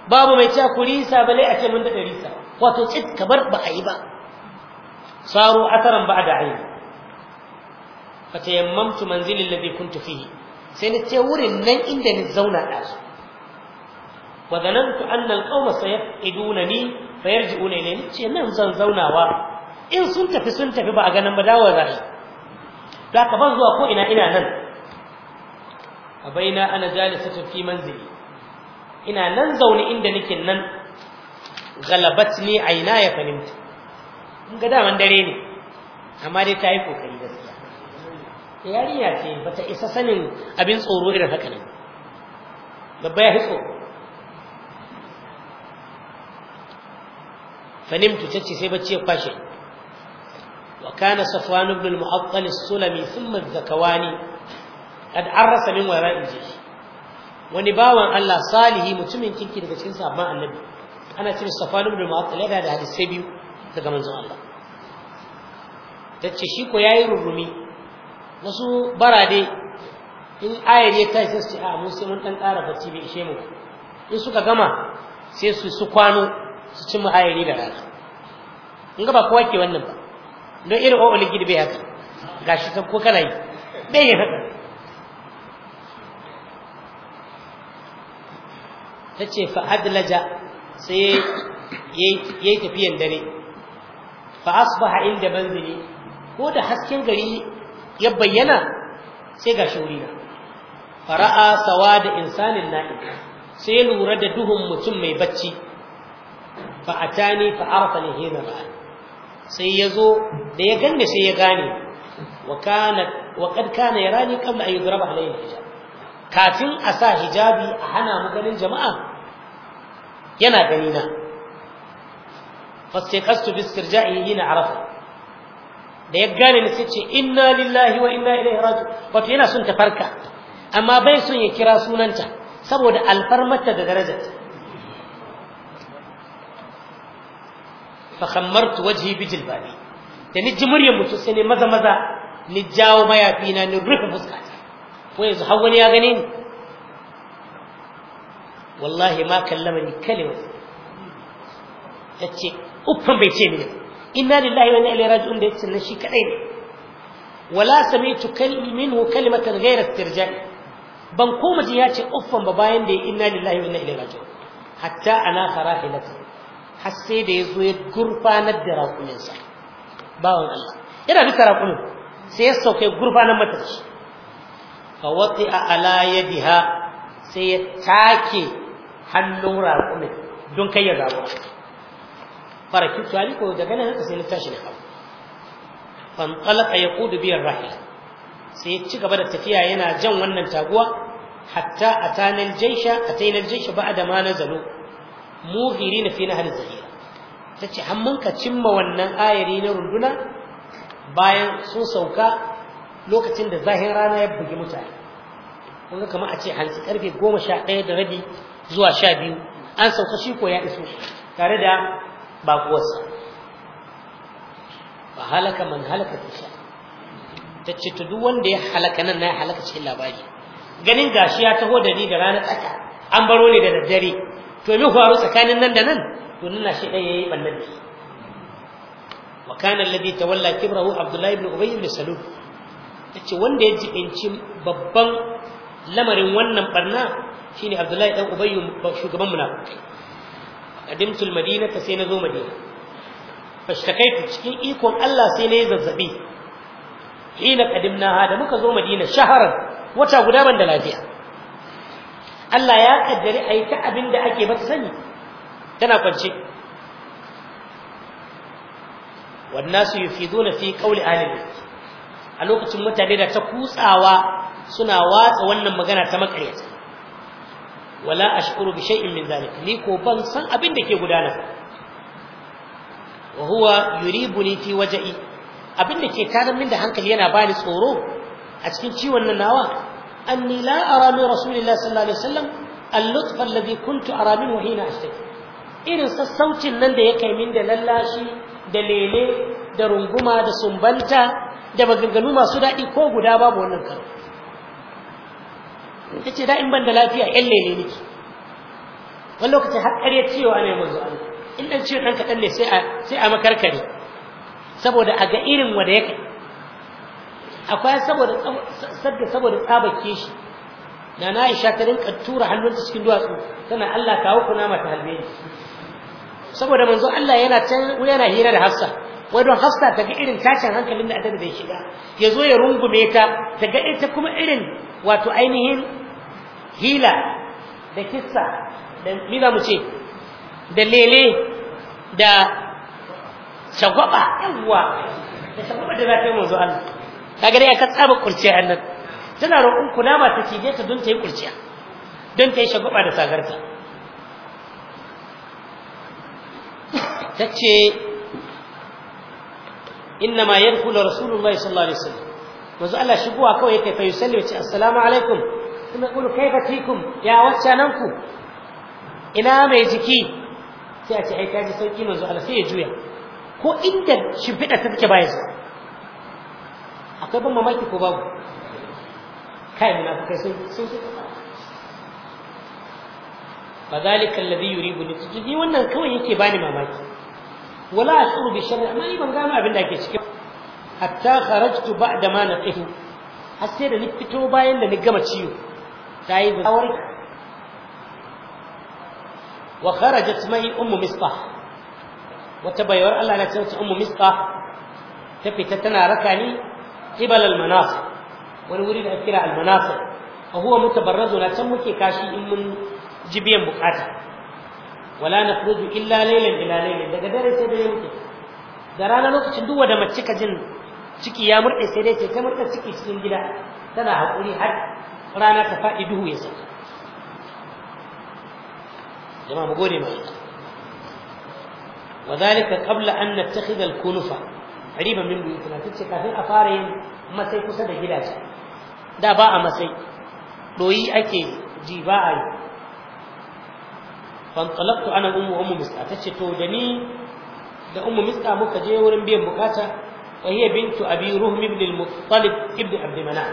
babu mai cewa kulisa bale a ce mun da risa wato tsit kamar ba a yi ba saru ataran ba da ayi fatayammamtu manzilin ladhi kuntu fihi sai na ce wurin nan inda ni zauna dazu wa zanantu anna ni sayaqidunani fayarji'una ni ce nan zan zaunawa in sun tafi sun tafi ba a ganin ba dawo zai da ka ban zuwa ko ina ina nan a baina ana jalisatu fi manzili ina nan zaune inda nake nan galabatni aina ya fahimta in ga daman dare ne amma dai ta yi kokari gaskiya yarinya ce bata isa sanin abin tsoro irin haka ne babba ya fi tsoro fanimtu tace sai bacci ya kwashe wa kana safwan ibn al-mu'attal as-sulami thumma az-zakawani kad arrasa min wara'i jihi wani bawan Allah salihi mutumin kirki daga cikin sahabban annabi ana cewa safwan ibn muattal yana da hadisi biyu daga manzon Allah tace shi ko yayi rurumi wasu barade in ayar ya kai sai su ce a mu sai mun dan ƙara bacci bai ishe mu in suka gama sai su su kwano su cimma ayari da rana in ga ba kowa ke wannan ba don irin o oligid bai haka ga shi san ko kana yi bai yi haka ta ce fa adlaja sai ya yi tafiyan dare fa asbaha inda manzili ko da hasken gari ya bayyana sai ga wuri na fara'a sawa da insanin na'i sai lura da duhun mutum mai bacci fa atani fa arafa ni hina ra'ani sai yazo da ya ganni sai ya gane wa kana wa qad kana yarani qabla an yudraba hijab kafin a sa hijabi a hana mu ganin jama'a yana gani na fastaqastu bi yi na arafa da ya gane na sai ce inna lillahi wa inna ilaihi raji'un wato yana son ta farka amma bai son ya kira sunanta saboda alfarmarta da darajarta fa khammartu wajhi bi ne. da ni ji muryar mutum sai ne maza maza ni jawo mayafi na ni rufe fuskata ko yanzu har wani ya gane ni wallahi ma kallama kallamani kalima ce uffan bai ce mini inna lillahi wa inna ilaihi raji'un da na shi kadai ne wala sami'tu kalmi minhu kalimatan ghayra istirja'i ban koma ji yace uffan ba bayan da inna lillahi wa inna ilaihi raji'un hatta ana fara kharahilati har sai da ya zo ya gurfanar da raƙuminsa bawan Allah yana duka raƙumin sai ya sauke gurfanar mata shi fa wati a ala yadiha sai ya take hannun raƙumin don kai ya zabo fara kitu ali ko daga nan sai na tashi da hawa fan ya kudu biyar rahi sai ya ci gaba da tafiya yana jan wannan taguwa hatta a atanil jaysha ba jaysha ba'da ma nazalu Muhiri na fi hannun zahira tace ce mun ka cimma wannan ayari na runduna bayan sun sauka lokacin da zahin rana ya bugi mutane wanda kama a ce hansi karfe 11 da rabi zuwa 12 an sauka shi ko ya iso tare da bakuwarsa ba halaka man halaka Ta ce ta duk wanda ya halaka nan na ya halaka cikin labari ganin gashi ya taho da ni da rana tsaka an baro ni da daddare to me faru tsakanin nan da nan to nuna shi ɗaya yayi ballan da wa kana alladhi tawalla kibrahu abdullahi ibn ubay ibn salul tace wanda ya jibinci babban lamarin wannan barna shine abdullahi dan ubay shugaban munafiki qadimtul madinata sai na zo madina fashtakaitu cikin ikon Allah sai na yi zazzabi hina qadimna hada muka zo madina shahara wata guda ban da lafiya Allah ya kaddari a yi ta abin da ake ba sani tana kwance wannasu yufiduna fi qawli alibi a lokacin mutane da ta kutsawa suna watsa wannan magana ta makaryata wala ashkuru bi shay'in min zalik ni ko ban san abin da ke gudana wa huwa buni fi waje'i abin da ke karamin da hankali yana bani tsoro a cikin ciwon nan nawa أني لا أرى من رسول الله صلى الله عليه وسلم اللطف الذي كنت أرى منه حين أشتكي irin sassaucin nan da ya kai min da lallashi da lele da runguma da sumbanta da maganganu masu daɗi ko guda babu wannan karo Ita ce da in ban da lafiya yan lele nake wani lokacin har ƙarya ciwo ana yi manzo Allah in ɗan ciwo ɗan kaɗan ne sai a makarkare saboda a ga irin wanda ya kai akwai saboda sadda saboda tsabake shi na na ta rinka tura hannunta cikin duwatsu tana Allah kawo kuna ta halbe saboda manzo Allah yana can yana hira da Hafsa wai don Hafsa ta ga irin tashin hankalin da Adam zai shiga ya zo ya rungume ta ta ga ita kuma irin wato ainihin hila da kissa da mila mu ce da lele da shagwaba yawwa da shagwaba da za ta yi manzo Allah kaga dai ka tsaba kurciya nan tana roƙon kunama ta cije ta don ta yi kurciya don ta yi shagwaba da sagarta ta ce inna ma yadkhulu rasulullahi sallallahu alaihi wasallam manzo Allah shigowa kawai yake fa yusalli ce assalamu alaikum kuma kulu kaifa tikum ya wacce nan ku ina mai jiki sai a ce ai kaji sauki manzo Allah sai ya juya ko inda shimfiɗa ta take baya akwai ban mamaki ko babu kai munafikai sun sun su fa zalika alladhi yuribu li tujdi wannan kawai yake bani mamaki wala ashuru bi sharri amma ni ban gano abin da ake ciki hatta kharajtu ba'da ma naqihu har sai da ni fito bayan da ni gama ciwo tayi da warke wa kharajat mai ummu misbah wata bayawar Allah na ce ummu misbah ta fita tana raka ni قبل المناصب wani wuri da ake kira almanasir fa huwa mutabarrazu na can muke kashi in mun ji biyan bukata wala nakhruju illa laylan ila laylan daga dare sai dare muke da rana lokacin duk wanda mace ka jin ciki ya murde sai dai ce ta murde ciki cikin gida tana hakuri har rana ta fadi duhu ya saka jama'a mu gode mai وذلك قبل أن نتخذ الكنفة قريبا من بيوت الله تتسي كافين أفارين مسي كسد هلاج دا باء مسي روي أكي جيباء فانطلقت أنا أم أم مسلا تتسي توجني دا أم مسلا مكجيور بيه مكاسا وهي بنت أبي رهم بن المطلب ابن عبد مناع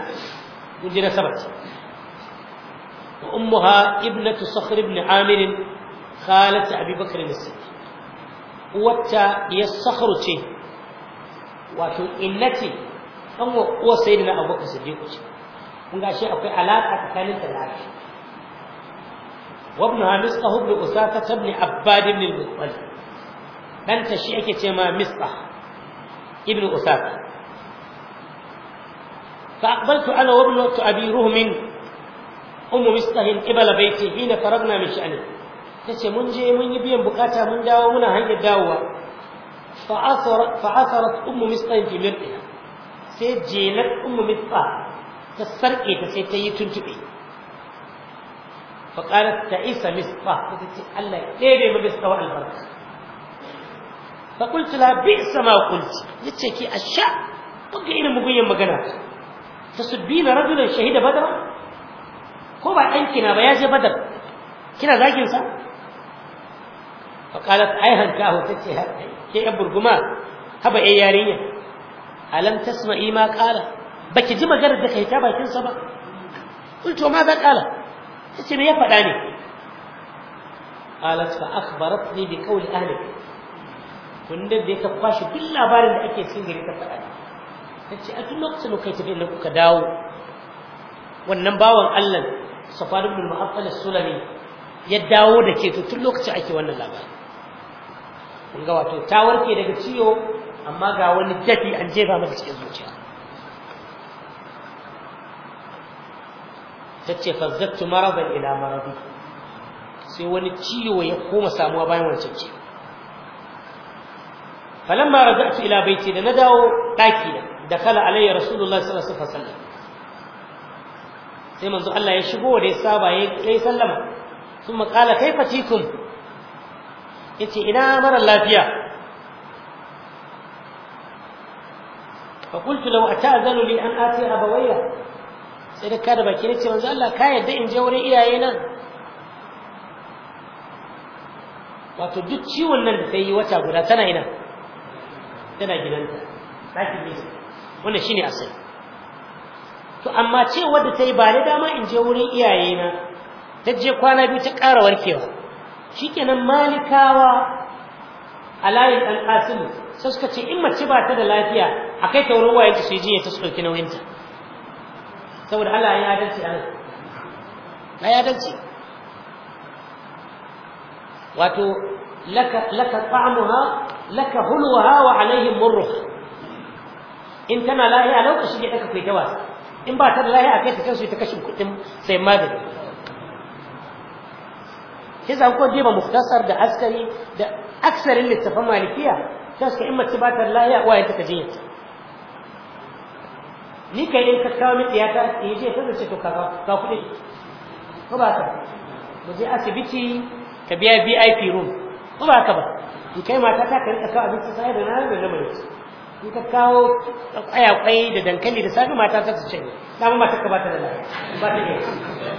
وجنا سبت وأمها ابنة صخر بن عامر خالة أبي بكر الصديق وأتى يا الصخر تشي wato innati an wa uwar sayyidina abubakar siddiq ce kun ga shi akwai alaka tsakanin da lafi wabnu hamis ka hubbu usaka tabni abbad ibn al dan ta shi ake ce ma misbah ibn aqbaltu فأقبلت أنا وابنة abi ruhmin ummu mistahin qibla بيتي hina فرغنا min شأنه tace mun je mun yi biyan bukata mun dawo muna hanyar dawowa fa'asarat ummu misqain fi mirdiha sai jelar ummu misqa ta sarke ta sai ta yi فقالت تعيس مصباح قلت الله ليه ما مصباح البركه فقلت لها بئس ما قلت قلت كي اشاء بقى ina muguyen magana tasbina rajulan shahida badra ko ba dan kina ba yaje badar sa فقالت أيها كاهو تتي كي أبرقما هبا أي يارية ألم تسمعي ما قال بك جمع قرد دك هيتابا يتنصبا قلت وماذا قال تتي ما يفعلاني قالت فأخبرتني بقول أهلك wanda da ka kwashi duk labarin da ake cikin gari ta faɗa ta ce a duk lokacin da kai tafi nan kuka dawo wannan bawan Allah safarin ibn Mu'affal Sulami ya dawo da ke tun lokacin ake wannan labarin kun ga wato ta warke daga ciwo amma ga wani jafi an jefa mata cikin zuciya tace fazzaktu maradan ila maradi sai wani ciwo ya koma samuwa bayan wancan ciwo falamma raja'tu ila baiti da na dawo daki da dakala alayya rasulullahi sallallahu alaihi wasallam sai manzo Allah ya shigo da ya saba ya yi sallama kuma kala kai tikum yace ina mara lafiya فقلت لو أتأذن لي أن آتي أبويه sai da ka da baki ne ce manzo Allah ka yadda in je wurin iyaye nan wato duk ciwon nan da ta yi wata guda tana ina tana gidanta ɗaki ne wanda shi ne asali to amma ce wadda ta yi ba ne dama in je wurin iyaye na ta je kwana biyu ta ƙara warkewa shikenan malikawa a layin ɗan ƙasimu sai suka ce in mace ba ta da lafiya a kai ta wurin wayanta su jiya ta su ɗauki nauyinta saboda Allah ya adalci a nan ya adalci wato laka laka ta'amuha laka hulwaha wa alaihim murruh in tana lahiya lau ka shige ɗaka kai ta wasa in ba ta da lahiya a kai ta kansu ta kashe kuɗin sai magani kisa yasa ko diba muftasar da askari da aksarin littafan malikiya ta ka in mace lahiya waye ta kaje yanta ni kai in ka kawo mi tiyata in je ta ce to kaza ka kudi ko ba ka mu je asibiti ka biya VIP room ko ba ka ba in kai mata ta ka rika kawo abinci sai da na da mai in ka kawo kwaya kwai da dankali da safe mata ta su ce dan mata ka ba ta da lahiya ba ta ne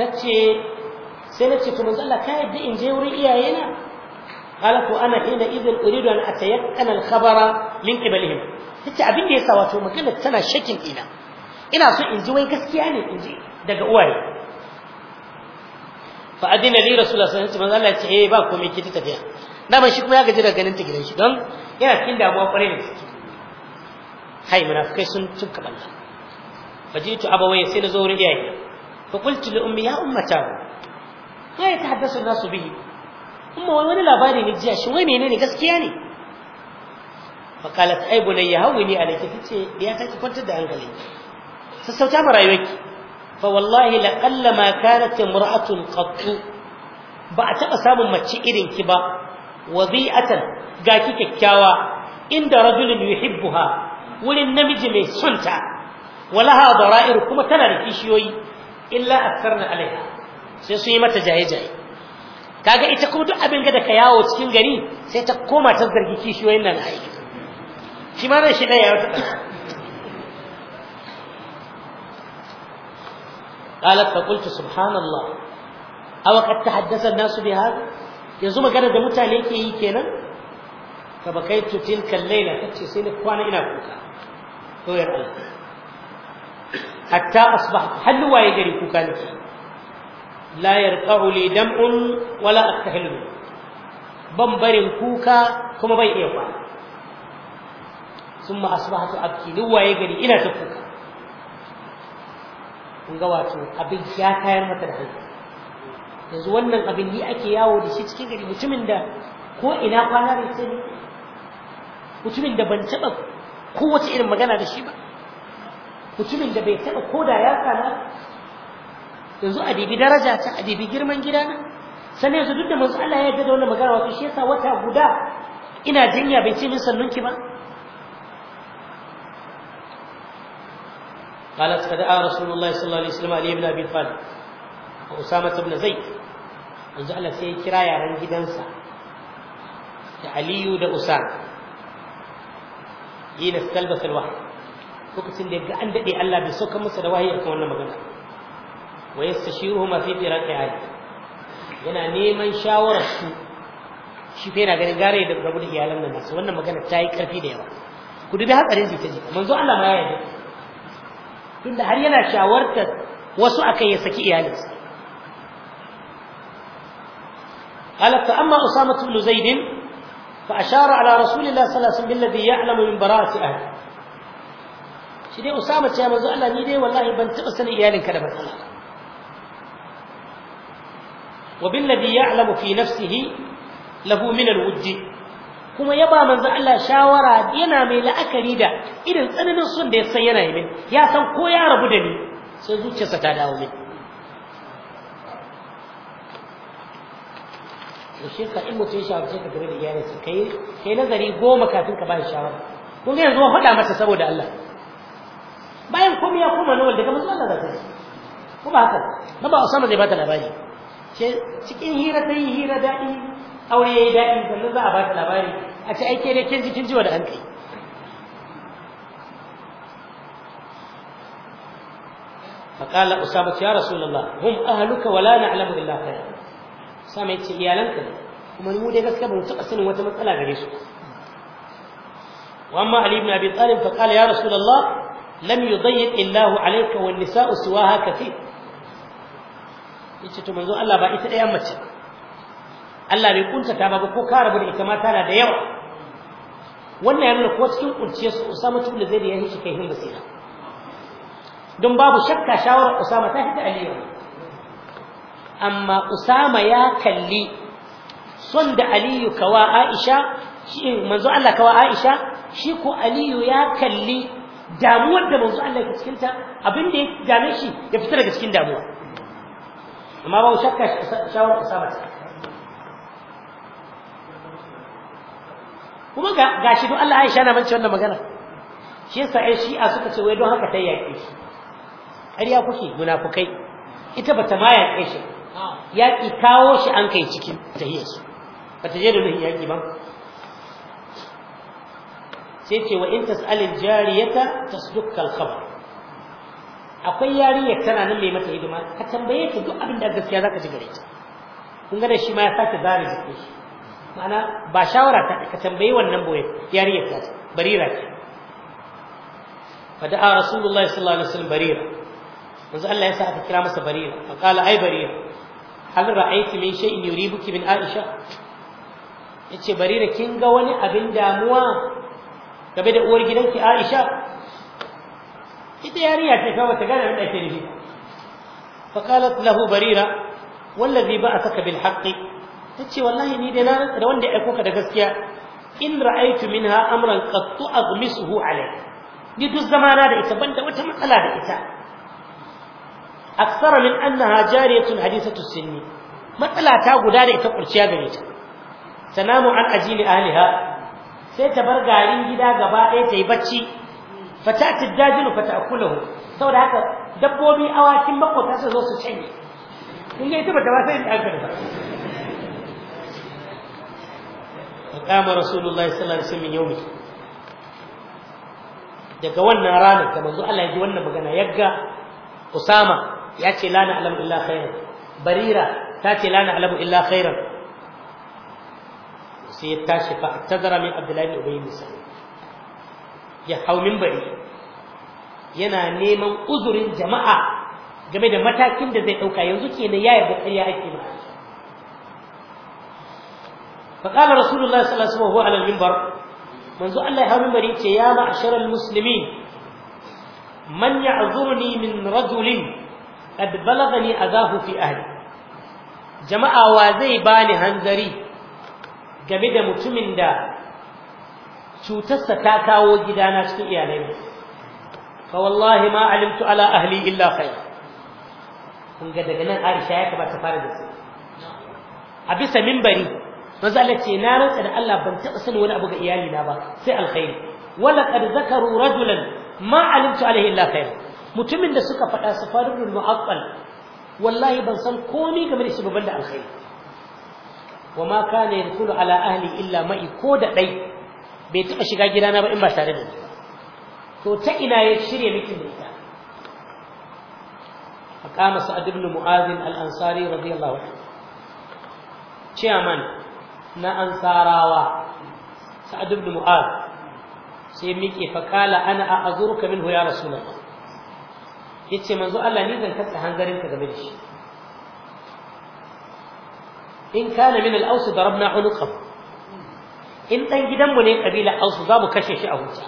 tace sai na ce to manzo Allah ka yadda in je wurin iyayena qala ko ana ina idan uridu an atayaqqana al-khabara min Ta ce abin da ya sa wato magana tana shakin ina ina so in ji wai gaskiya ne in ji daga uwaye fa adina li rasulullah sallallahu alaihi wasallam Allah ce eh ba komai ki tafiya na ban shi kuma ya gaji daga ganin ta gidan shi don yana cikin damuwa kwarai da gaske hai munafikai sun tunka balla fajitu abawai sai na zo wurin iyaye فقلت لأمي يا ya ما يتحدث الناس به أمه وانا لاباري نجي شوي منين gaskiya ne فقالت أي بني هوني عليك تتي يا تاتي كنت da hankali sassauta ma rayuwarki fa wallahi laqalla ma kanat imra'atun qat ba a taba samun mace irin ki ba wadi'atan ga ki kyakkyawa inda rajulun yuhibbuha wurin namiji mai sunta walaha dara'ir kuma tana da kishiyoyi illa a aktharna alaiha sai sun yi mata jaye-jaye ga ita ko duk abin da ka yawo cikin gari sai ta koma ta zargi kishi wayannan aiki shi ma ran shi da yawo قالت فقلت سبحان الله او قد تحدث الناس بهذا yanzu magana da mutane ke yi kenan fa bakaitu tilka al-layla tace sai ni kwana ina kuka koyar Allah hatta asbah hannu waye gari kuka nake la yarqa'u li dam'un wala astahilu ban barin kuka kuma bai iya kwana summa asbahatu abki duk waye gari ina ta kuka kun ga wato abin ya tayar mata da hankali yanzu wannan abin ni ake yawo da shi cikin gari mutumin da ko ina kwana bai sani mutumin da ban taɓa kowace irin magana da shi ba mutumin da bai taɓa koda ya kana yanzu a dibi daraja ta a dibi girman gida na sai yanzu duk da manzo Allah ya yarda da wannan magana wato shi yasa wata guda ina jinya bai ci min sannunki ba قالت فدعا رسول الله صلى الله عليه وسلم علي بن ابي طالب واسامه بن زيد manzo Allah sai ya kira yaran gidansa da Aliyu da Usama yana kalba salwa lokacin da ga an dade Allah bai sauka musu da wahayi akan wannan magana wa yastashiruhuma fi firaqi ahli yana neman shawarar su shi fa yana ganin gare da rabu da iyalan nan nasu wannan magana ta yi karfi da yawa ku dubi hatsarin jita jita manzo Allah ma ya yarda tunda har yana shawartar wasu akan ya saki iyalinsa قال فأما أسامة بن زيد فأشار على رسول الله صلى الله عليه وسلم بالذي يعلم من براءة أهله shi dai usama ce manzo Allah ni dai wallahi ban taba sanin iyalinka da matsala wa bil ladhi ya'lamu fi nafsihi lahu min al kuma yaba manzo Allah shawara yana mai la'akari da irin tsananin sun da ya san yana yi ya san ko ya rabu da ni sai zuciyarsa ta dawo min to shi ka in mutum shawarce ka game da iyalinsa kai kai nazari goma kafin ka ba shi shawara kun ga yanzu faɗa masa saboda Allah ya koma na wanda kamar manzo Allah zaka shi kuma haka na ba Usama zai bata labari ce cikin hira ta hira daɗi aure yayi yi daɗi za a bata labari a ce aike ne kin ji kin ji wa wani an kai wa la na'lamu illa الله sama أهلك iyalanka kuma mu dai gaskiya يتي إيالنك ومن يمود يغسك بمتقسن وتمثلا غريسك وأما علي بن أبي طالب فقال يا رسول الله lam yudayyid illahu alayka wan nisa'u siwaha kathir yace to manzo Allah ba ita ɗaya mace Allah bai kunta ta ba ko ka rabu da ita ma tana da yawa wannan ya nuna ko cikin kunciyar su Usama ibn Zaid ya hishi kai hin basira don babu shakka shawarar Usama ta hita Aliyu amma Usama ya kalli son da Aliyu kawa Aisha shi manzo Allah kawa Aisha shi ko Aliyu ya kalli damuwar da manzo Allah ya cikin ta abin da ya dame shi ya fita daga cikin damuwa amma ba shakka shawar Usama ce kuma ga gashi don Allah Aisha na bance wannan magana shi yasa ai shi'a suka ce wai don haka ta yaƙe shi ƙarya kuke munafukai ita bata ma yaƙe shi ah. yaƙi kawo shi an kai cikin tahiyar su bata je da nuhin yaƙi ba sai ce wa in tas'alil jariyata tasdukkal khabar akwai yarinya tana nan mai mata hidima ka tambaye ta duk abin da gaskiya zaka ji gare ta kun ga shi ma ya sake zare jiki shi ma'ana ba shawara ta ka tambaye wannan boye yarinya ta barira ce fada'a rasulullahi sallallahu alaihi wasallam barira yanzu Allah ya sa aka kira masa barira fa qala ai barira hal ra'aiti min shay'in yuribuki min aisha yace barira kin ga wani abin damuwa game da uwar gidanki Aisha ita yarinya ce kawai ta gane da ake fa qalat lahu barira wallazi ba'athaka bil haqqi tace wallahi ni dai na da wanda ya aiko ka da gaskiya in ra'aytu minha amran qad tu'misuhu alayk ni duk zamana da ita banda wata matsala da ita aksara min annaha jariyatun hadisatu sinni matsala ta guda da ita kurciya gare ta tanamu an ajili ahliha sai ta bar garin gida gaba ɗaya ta yi bacci fata ci dajilu fata akulahu saboda haka dabbobi awakin makwata su zo su canye kun ga ita bata ba sai da aka ba kama rasulullahi sallallahu alaihi wasallam yau daga wannan ranar da manzo Allah ya ji wannan magana yagga Usama ya ce lana alamu illa khairan Barira ta ce lana alamu illa khairan sai ya tashi fa tazara min abdullahi bin ubay bin ya hau minbari yana neman uzurin jama'a game da matakin da zai dauka yanzu kenan yayi bakariya ake ma fa qala rasulullahi sallallahu alaihi wasallam huwa ala al-minbar manzo Allah ya hau minbari ce ya ma'sharal muslimin man ya'zurni min rajulin qad balagani azahu fi ahli jama'a wa zai bani hanzari game da mutumin da cutarsa ta kawo gidana cikin iyalai fa wallahi ma alimtu ala ahli illa khair kun ga daga nan Aisha ya kamata fara da su a bisa minbari manzo Allah ce na rantsa da Allah ban taba sani wani abu ga iyali na ba sai alkhairi wala qad zakaru rajulan ma alimtu alaihi illa khair mutumin da suka faɗa safarul mu'aqqal wallahi ban san komai game da shi babban da alkhairi wa ma kana yadkhulu ala ahli illa ma'i ko da dai bai taba shiga gidana ba in ba tare da ni to ta ina ya shirye miki da ita faqama sa'ad ibn mu'adh al-ansari radiyallahu anhu chairman na ansarawa sa'ad ibn mu'adh sai miƙe faƙala ana a azuruka minhu ya rasulullah yace manzo Allah ni zan kasa hanzarin hangarinka game da shi in kana min al-aus darabna unuqahu in dan gidanmu ne kabila aus za mu kashe shi a wuta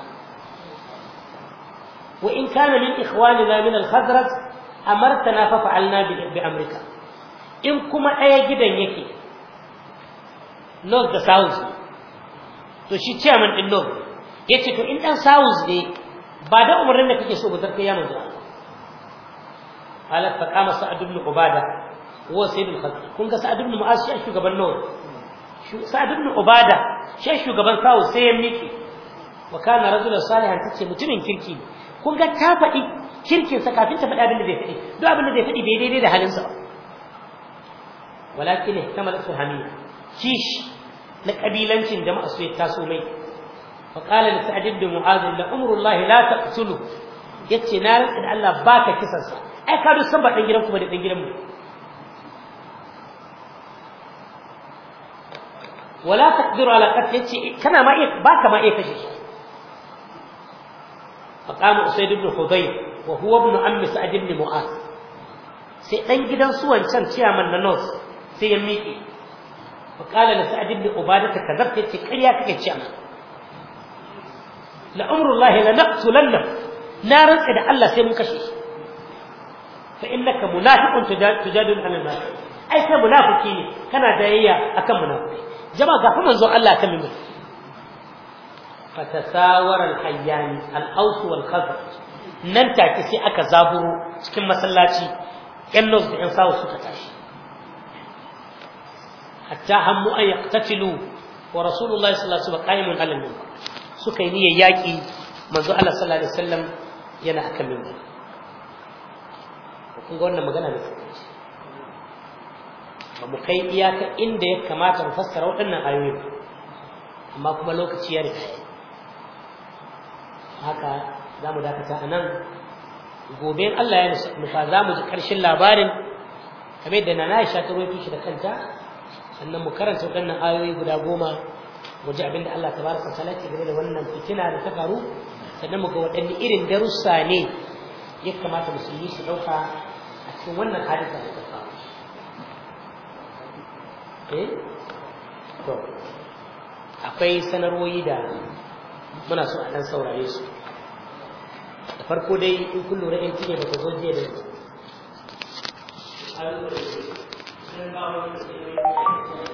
wa in kana min ikhwanina min al-khazraj amartana fa fa'alna bi amrika in kuma ɗaya gidan yake north da south to shi chairman din north yace to in dan south ne ba da umarnin da kake so ba zarkai ya manzo Allah قالت فقام سعد بن عباده sai sayyidul khalq kun ga sa'ad ibn mu'az shi shugaban nawa sa'ad ibn ubada shi shugaban kawo sai ya miki wa kana rajul salihan tace mutumin kirki ne kun ga ta faɗi kirkin sa kafin ta fadi abin da zai faɗi duk abin da zai faɗi bai daidai da halin sa walakin ihtamal Hamiya. shi na kabilancin jama'a su ya taso mai fa qala li sa'ad ibn mu'az la allah la taqtulu yace na rantsa da Allah baka kisan sa ai ka duk san ba dan gidan ku ba da dan gidan mu wala taqdiru ala qatl yace kana ma iya baka ma iya kashe shi faqama usayd ibn hudayr wa huwa ibn ammi sa'd ibn mu'az sai dan gidan su wancan ciyaman na nos sai ya miƙe faqala la sa'd ibn ubadah kadhabta yace ƙarya kake ciyaman la umrullahi la naqtulanna na rantsa da Allah sai mun kashe shi fa innaka munafiqun tujadil an al-nas ai sai munafiki ne kana dayayya akan munafiki Jama ga fa manzon Allah kan mimbar fatasawara al-hayyani al-aus wal khazraj nan take sai aka zaburo cikin masallaci yan north da yan sawu suka tashi hatta hammu an yaqtatilu wa rasulullahi sallallahu alaihi wasallam qa'imun ala minbar suka yi niyyar yaki manzo Allah sallallahu alaihi wasallam yana akan minbar kun ga wannan magana ne ba mu kai iyaka inda ya kamata mu fassara waɗannan ayoyi amma kuma lokaci ya riga haka za mu dakata a nan gobe in Allah ya nufa za mu ji ƙarshen labarin kamar yadda na Aisha ta roƙi shi da kanta sannan mu karanta waɗannan ayoyi guda goma mu ji abinda Allah tabaraka ta ke game da wannan fitina da ta faru sannan mu ga waɗanne irin darussa ne ya kamata musulmi su ɗauka a cikin wannan hadisa Eh? to akwai sanarwoyi da muna so a ɗan saurare su da farko dai in kun lura in cike bata zo jiya da an